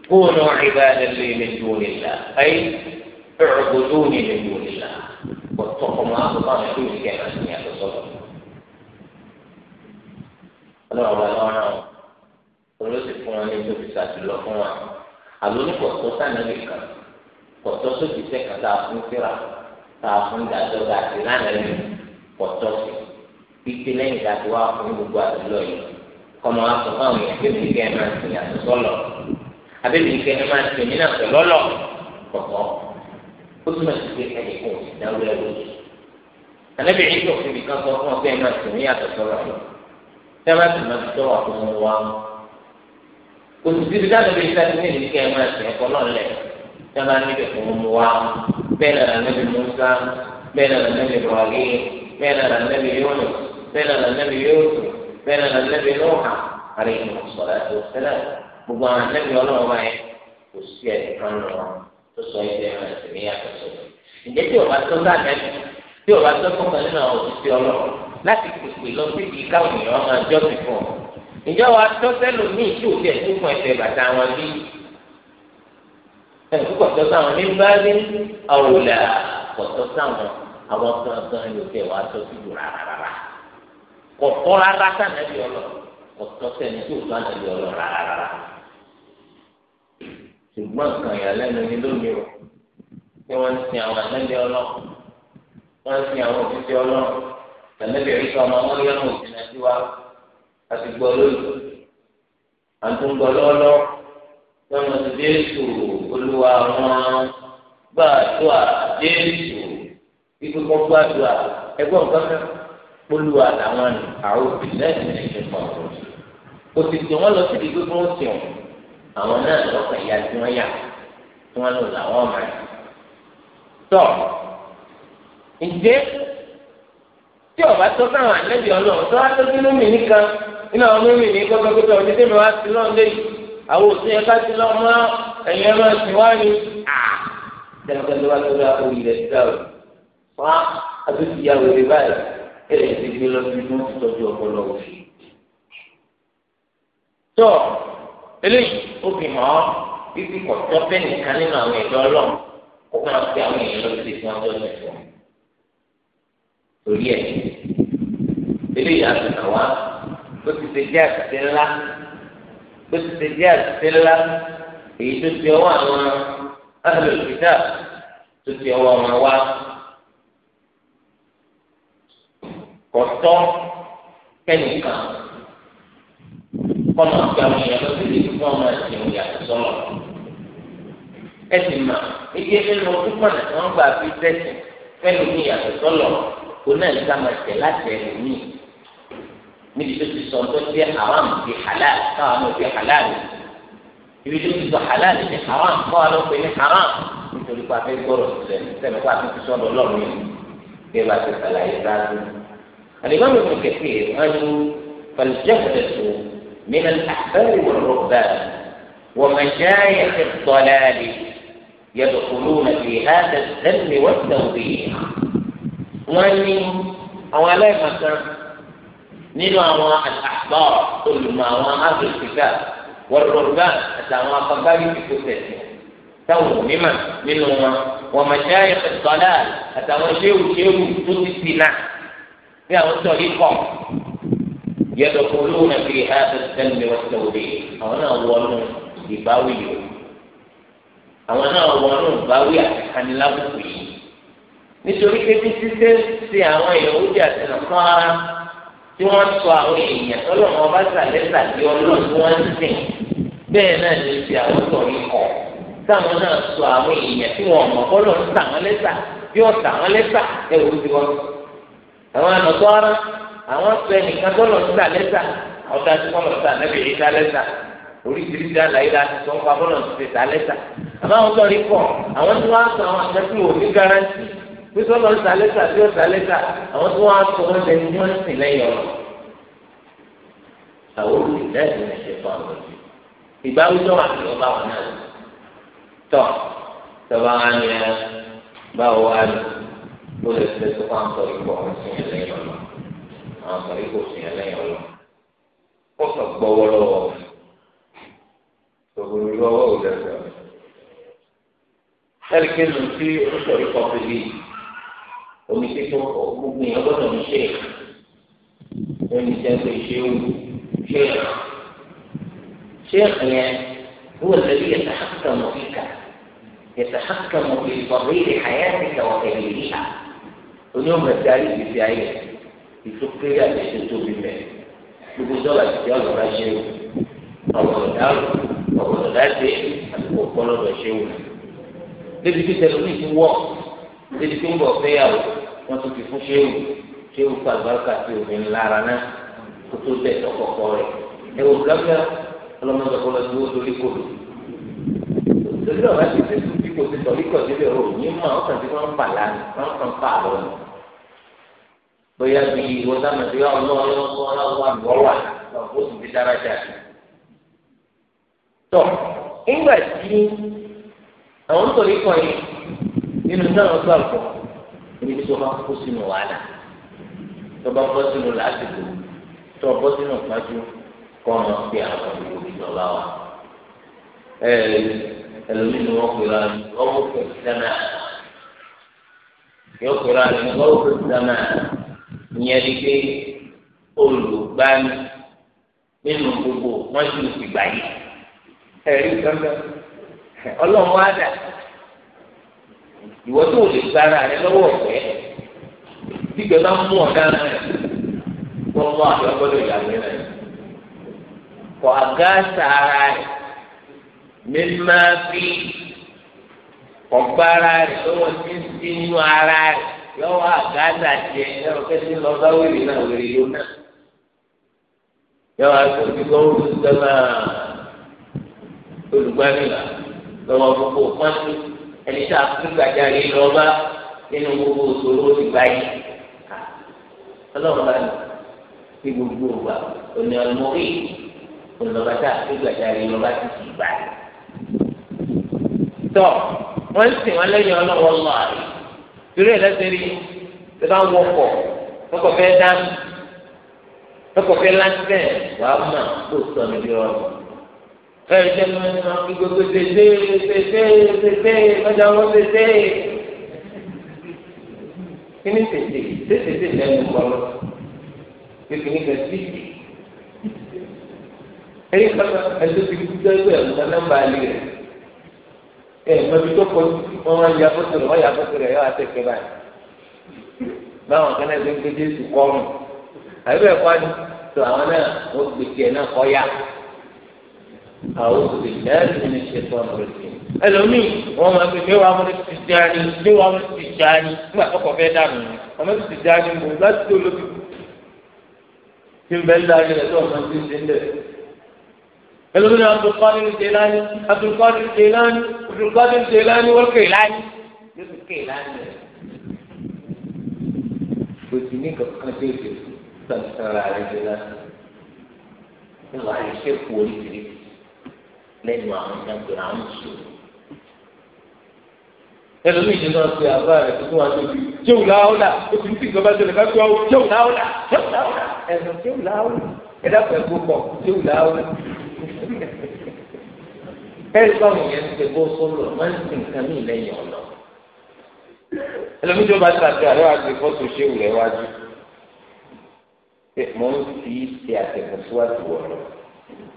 kúnú ìbáraẹ̀ lè lè dùn nílá ayé ẹ̀rọ̀gbọ̀dún kọ̀tọ́ kọ́ mọ́ wa sọ fún àwọn èèyàn kẹ́kẹ́ náà ní àlọ́ ọlọ́run wa lọ́wọ́ náà olóṣì fún wọn ní tóbi ṣàtúlọ fún wa àlọ́ ní kọ̀tọ́ sànàbì kan kọ̀tọ́ sóbì sẹ́kàn tá a fún síra tá a fún dájọ́ dàtí lánàá ní kọ̀tọ́ sí pípé lẹ́yìn dàtí wá fún gbogbo àtúlọ yìí kọ́mọ wa sọ fún àwọn èèyàn pé mi kẹ́ ẹ máa sìn yàtọ̀ sọ́lọ̀ abẹ́mi kẹ́ ẹ máa sìn mí náà pẹ̀ lọ́lọ̀ kọ̀tọ́ ó túmọ̀ sí pé ẹnì kan ò sì dáwọ́ ẹrú yìí àlẹ́bìnrin tó fi mi kan sọ fún tẹ́lá sì máa ti tọ́ wà fún wa kò sì síbi dáná bíi sáà ní ìlú kẹ́ ẹ máa sìn ẹ̀kọ́ náà lẹ̀ tẹ́lá níbẹ̀ fún wa bẹ́ẹ̀ náà nàbí Musa bẹ́ẹ̀ náà nàbí buhari bẹ́ẹ̀ náà nàbí Yunus bẹ́ẹ̀ náà nàbí Yusuf bẹ́ẹ̀ náà nàbí Nuha àríyìn sọ̀rọ̀ àti òṣèlè gbogbo àwọn nàbí ọlọ́run báyẹn kò sí ẹ̀ kan nù wọn tó sọ ẹgbẹ́ máa sìn ní àkọsọ ìjẹ́ láti pèpè lọ síbi káwọn èèyàn máa jọ́sìn fún ọ. ìjọ wa tọ́ sẹ́lòmíì tí òbí ẹ̀ tó fún ẹsẹ̀ bàtà wọn bí ẹ̀ púpọ̀ tọ́ sáwọn ní báyìí àwòlà pọ̀ tọ́ sáwọn àwọn gangan yóò fẹ́ wàá tọ́ síbi rárá kò tọ́ rárá sànàbí ọlọ kò tọ́ sẹ́ni tí òbí sànàbí ọlọ rárá ṣùgbọ́n nǹkan ìyàlẹ́nu ni lónìí o tí wọ́n ń sin àwọn àtẹ́lẹ́ ọlọ́ wọ́n ń sin àwọn òṣìṣẹ́ ọlọ́run tàbí ìrísọ ọmọ mọ́lẹ́mù ìdìnnà sí wa àti gbọ́ lóyún àtúngbọ́ lọ́lọ́ tọ́nà jésù olúwa wọn gbàdúrà jésù ikú kọ́ gbàdúrà ẹgbọ́n nǹkan mẹ́ olúwa làwọn ni àwọn òbí lẹ́yìn ẹ̀ṣẹ̀ pọ̀nrọ̀ òtítì wọn lọ sí ìdígbé fún òsì wọn àwọn náà lọ́kàn ìyá tí wọ́n yà tí wọ́n lò làwọn ọmọ rẹ̀ tọ́ ǹjẹ́ tí ọba tó káwọn ànábì ọlọ́run tó wá tó sí lómi nìkan nínú àwọn lómi ní gbọgbẹgbẹ ọdún tí mi wá sí lọ́n lé àwọn òsì yẹn ká sí lọ́n mọ́ ẹ̀yìn ẹ̀rọ ẹ̀sìn wá ní. jẹ́nìkẹ́ni wá lórí orí rẹ̀ dá o wá àtúntì ya wèrè báyìí ẹ̀rẹ̀ ti gbé lọ sí inú tọ́jú ọpọlọ òfin. tó eléyìí ó fi hàn ọ́ fífi kọ̀tọ́ bẹ́ẹ̀ nìkan nínú àwọn ẹ̀dọ́ ọlọ́run kó máa fi àwọn èèyàn lọ sí ìfún ọjọ́ nìkan torí ẹ̀ eléyìí àtúnà wa bó ti ṣe jẹ́ àtúnṣe ńlá bó ti ṣe jẹ́ àtúnṣe ńlá èyí tó ti ọwọ́ àwọn alòlùfíà tó ti ọwọ́ wọn wá kọ̀tọ́ kẹ́nìkan kọ́nà àti àwọn èèyàn lọ sí ibi fún ọmọ ẹ̀sìn ìyàtọ̀ sọ́nà ẹ̀sìn mà èyí nínú púpọ̀ nà wọ́n gbà fi tẹ̀sìn fẹ́ẹ́ lómi ìyàtọ̀ sọ́nà. oná ní ká máa tẹ̀ láti mí níbi tó ti sọ tó ti haram di halal káwọn náà ti halal ibi tó ti sọ halal di haram káwọn náà pè ní haram nítorí pé a fẹ́ gbọ́rọ̀ sílẹ̀ sẹ́mi pé a ti sọ lọ lọ́rùn yìí bí ẹ bá ti sàlàyé dáadé. àdìgbọ́n mi kò kẹ̀kẹ́ wọn ni فالجهدة من الأحبار والرهبان ومشايخ الضلال يدخلون في هذا الذم والتوبيخ wọ́n ní àwọn aláìmọ̀kan nínú àwọn àgbà olùmọ̀ àwọn agbèsìgà wọ́lọ́gbà àtàwọn afọ́gbárí ìfò tẹ̀sí táwọn onímọ̀ nínú wọn wọ́n mọ̀ṣẹ́ ìfẹ̀sọ́lá àtàwọn ṣéwù ṣéwù tó ti sì náà bí àwọn sọ̀rí kọ̀ yẹtọ̀ polówó náà fi hà sẹ́ni wọ́n ti wọlé àwọn náà wọnú ìbáwí yìí àwọn náà wọnú ìbáwí àti kanilábùkù yìí. nítorí pé bí títẹ́ sí àwọn Yahudi àti Nasara tí wọ́n sọ àwọn èèyàn ọlọ́run ọba sàlẹ́sà di ọlọ́run tí wọ́n sìn bẹ́ẹ̀ náà lè fi àwọn sọ̀rọ̀ ikọ̀ táwọn náà sọ àwọn èèyàn tí wọ́n mọ̀ kọ́ lọ́run wọ́n lẹ́sà bí wọ́n wọ́n lẹ́sà ti wọ́n. àwọn Nasara àwọn fẹ́ nìkan tọ́lọ̀ ń sà lẹ́sà ọ̀tá tí wọ́n lọ sà lẹ́bìrì sà lẹ́sà oríṣiríṣi pípọ́ lọ sàlẹ́sà sí ọ̀sàlẹ́sà àwọn tó wá sọ wọn lẹni ní wọn sì ọ̀rọ̀ àwọn olùdílé ẹ̀sìn ẹ̀ṣẹ̀ fún àwọn ọ̀dọ́ ìgbà wíjọ́ wà ní ọba wọn náà tọ́ tọ́ba wa ni ẹ báwo wá ní ó lè fi lẹ́sọ̀ fún àwọn ìkọ̀ ọ̀hún sí lẹ́yìn ọ̀rọ̀ àwọn ìkọ̀ sí lẹ́yìn ọ̀rọ̀ ó sọ gbọ́wọ́ lọ́wọ́ tòkòrò omi títún gbogbo yẹn gbọ́dọ̀ ní ṣe lórí ìjẹun ìṣe wù ṣe ṣe yẹn هو الذي يتحكم فيك يتحكم في طريق حياتك وتغييرها اليوم التاريخ في عينك يفكر يشتتو بما يقول دولة يلا ما شيء ọ̀rọ̀ ìdáhùn ọ̀rọ̀ ìdáhùn àti òkú ọlọ́dọ̀ ṣe wù. débi tí tẹlifíṣì wọ̀ débi tí ń bọ̀ fẹ́yàwó wọ́n tún ti fún ṣéwù ṣéwù fún àgbàkà tí obìnrin lára náà kó tó bẹ̀ tọkọ̀kọ̀ rẹ̀ ẹ wò gbàgbà ọlọ́mọdé kọ́ lọ sí owó torí kò lò torí ọ̀rọ̀ ti ti tún bí kò ti tọ̀rí kọ̀ síbẹ̀ o ní mọ̀ ọ́ kàn ti wọ́n pa lánàá wọ́n kàn pa àlọ́ ni bóyá bí wọ́n sá màtí wọ́n lọ́wọ́ lọ́wọ́ lọ́wọ́ àgbọ̀ wà lọ́wọ́ tó ti dára jà tọ̀ nígbà tí àwọn torí kọ̀ yìí nínú náà gbàgbọ́ ibi tí wọ́n máa kó sínú wàhálà tó bá bọ́ sínú làásìkò tó bọ́ sínú ìpájú kọ́ ọmọ pé àwọn ìlú ìjọba wa. ẹ ẹ ẹlòmíì ni wọ́n pèrò àmì ọwọ́ pẹ̀lú sẹ́nà yóò pèrò àmì ọwọ́ pẹ̀lú sẹ́nà ìyẹn ni pé olùgbani nínú gbogbo wọ́n sì ń fìgbà yìí. ẹ̀rí kankan ọlọ́run wá dà. ìwọ tó o lè gbára rẹ lọ́wọ́ ọ̀fẹ́ gbígbẹ́ bá mú ọ̀daràn rẹ wọ́n mú àti ọgbọ́dọ̀ ìyàwó rẹ kọ àga sàárà rẹ mímá fi ọgbára rẹ lọ́wọ́ tí ń ara rẹ lọ́wọ́ lọ bá wèrè náà wèrè yóò náà olùgbàmìlà lọ́wọ́ gbogbo ẹni tá a fún gbàjáre lọ́ba nínú gbogbo òṣòro ìgbà yìí ọlọ́run bá mi fi gbogbo ògbà òní ọlọ́mọrí ònàbà tá a fún gbàjáre lọ́ba ti sì gbà yìí. tọ́ wọ́n sìn wọ́n lẹ́yìn ọlọ́wọ́ lọ́ àrí torí ẹ̀ lẹ́sẹ̀ rí ẹ bá wọ́pọ̀ ọkọ̀ fẹ́ dánù ọkọ̀ fẹ́ láńtẹ̀ wàá mọ̀ kó sọ níbi ọ̀rọ̀ ẹ̀rí jẹ́ ní wọ́n máa fi gbogbo tètè tètè tètè lọ́jà wọ́n tètè kí ni tètè tètè tètè lẹ́nu pọ̀lọ́ kékeré ní kẹsí ẹ̀rí kọ́ta ẹ̀dọ́ ti kú dẹ́gbẹ́ ẹ̀rọ nọ́mbà alẹ́ rẹ̀ ẹ̀ mọ̀bí tó kọ́ wọ́n máa ya fọ́tò rẹ̀ wọ́n ya fọ́tò rẹ̀ yọ àtẹ̀kẹ́ báyìí báwọn kan náà ti ń gbé Jésù kọ́rùn àbẹ̀bẹ̀ kọ́ni kọ́ ya. أعوذ بالله من الشيطان الرجيم ẹlòmíì wọn máa fi mẹwàá wọn ti dání mẹwàá wọn ti dání nígbà tó kọ fẹ́ dànù wọn máa ti dání mọ láti tó lóbi tí ń bẹ dání rẹ tó ọmọ ti ṣe ń bẹ. ẹlòmíì náà abdulkadir jelani abdulkadir jelani abdulkadir jelani wọn kè lání yóò fi kè lání rẹ. kò sí ní kankan tó ṣe sọ̀rọ̀ àrẹ jelani. ìwà àìṣe lẹ́nu àwọn ìjàngbèrè àwọn mùsùlùmí. ẹlòmíì ti náà pe àbá rẹ̀ tuntun wá tóbi jẹ́wò láwùlà ó ti ń tì ìjọba jẹ́lẹ̀ káfíń wá jẹ́wò láwùlà jẹ́wò láwùlà ẹ̀sùn jẹ́wò láwùlà ẹ̀dá pẹ̀lú pọ̀ jẹ́wò láwùlà. ẹ̀rí báwọn yẹn ti ṣe bó sọ́lọ̀ máa ń sin nǹkan mí lẹ́yìn ọ̀nà. ẹlòmíì tó bá ṣàtẹ àrẹ wá ti fọ́tò ṣéwù rẹ̀ wájú. mo ń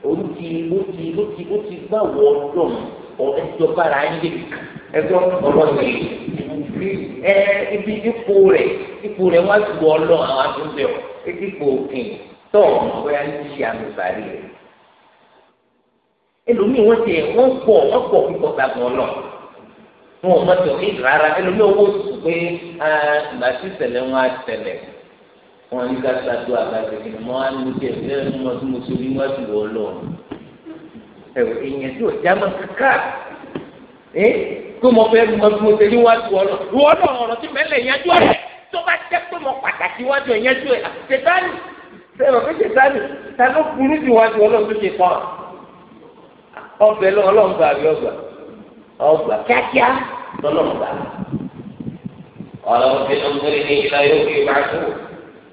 òun ti oti ti ó ti ó ti gbà wọ ọdún ọ ẹjọ́ bára yín débi ẹjọ́ ọ̀rọ̀ yìí ẹ ibi ipò rẹ ipò rẹ wọn ti wọ ọlọ àwọn àtúntẹ ọ ipò òkè tọ àmì rẹ ẹlòmíì wọn ti wọn pọ wọn pọ gbàgbọ wọn ò mọ rárá ẹlòmíì owó sùn pé ah, ẹ wọn á wọn ní ká sàdó àgbàdo kìnnìún mọ àánú tiẹ̀ bẹ́ẹ̀ ni mo tún mo so ní wájú wọ lọ ẹwọ èèyàn tí ò já mọ́ kíkà ẹ kó mo fẹ́ mo tún mo so ní wájú wọ lọ wọ lọ ọ̀rọ̀ tí mẹlẹ yanjú rẹ tó bá jẹ́ pé mo pàtàkì wájú ẹ yanjú ẹ àtẹtánì sẹwọn pé ṣètánì ta ló burú ju wájú Ọlọ́run tó ṣe kàn ọbẹ lọ Ọlọ́run àbí ọgbà ọgbà kíákíá lọ́lọ́run gbà. ọlọ́run ní ìlà yóò fi máa tó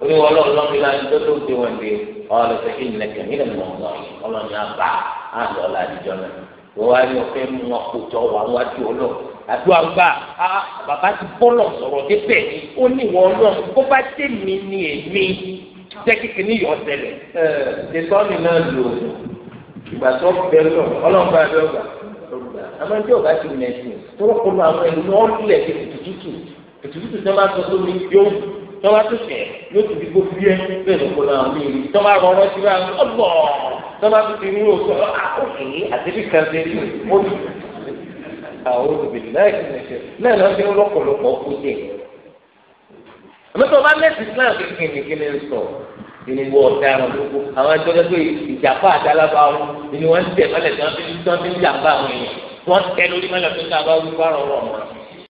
orí wọn lọ́wọ́ lọ́wọ́ ìlànà tó tó ti wọ́n di ọ̀rọ̀ ṣe kí nìkan nílẹ̀ mọ̀ ọ́ ọlọ́ni àbá àlọ́ làdìjọ́ náà wọ́n wá ní ọ̀fẹ́ mú ọkùtọ̀ wà wájú ọlọ́ àdúrà gbà á bàbá ti bọ́lọ̀ sọ̀rọ̀ débẹ̀ ó ní wọn lọ bó bá dé mi ni èmi jẹ́ kíkiri ní yọ̀ ọ̀sẹ̀lẹ̀. ẹ ẹ ṣètọ́nì náà lò ìgbà tó bẹ lọ ọlọ́mọba ló gbà lọ àwọn tọ́ba tó tẹ̀ yóò tún ti gbófin yẹ bẹ́ẹ̀ ló kó náà ní ìlú tọ́ba rọrọ sí wa ọ̀bọ̀ tọ́ba tó ti rúró sọ àkókè àtẹ́bí kan ṣe rí ó ní àwọn olùbẹ̀lẹ̀ náà lọ́ọ́ ṣe ń lọ́pọ̀lọpọ̀ kó jẹ́ àmọ́tọ́ bá lẹ́sì Islam kékeré kékeré ń sọ ìníwó ọ̀daràn gbogbo àwọn ẹjọ́ gbẹ́gbẹ́ ìjàpá àdálábà wọn ìníwọ̀n ń tẹ̀ mọ́lẹ̀ tí wọ́n fi ń jàmbá àwọn èèyàn wọ́n tẹ́ lórí mọ́lẹ̀ tó ń ta bá wíwá rọrùn wọn.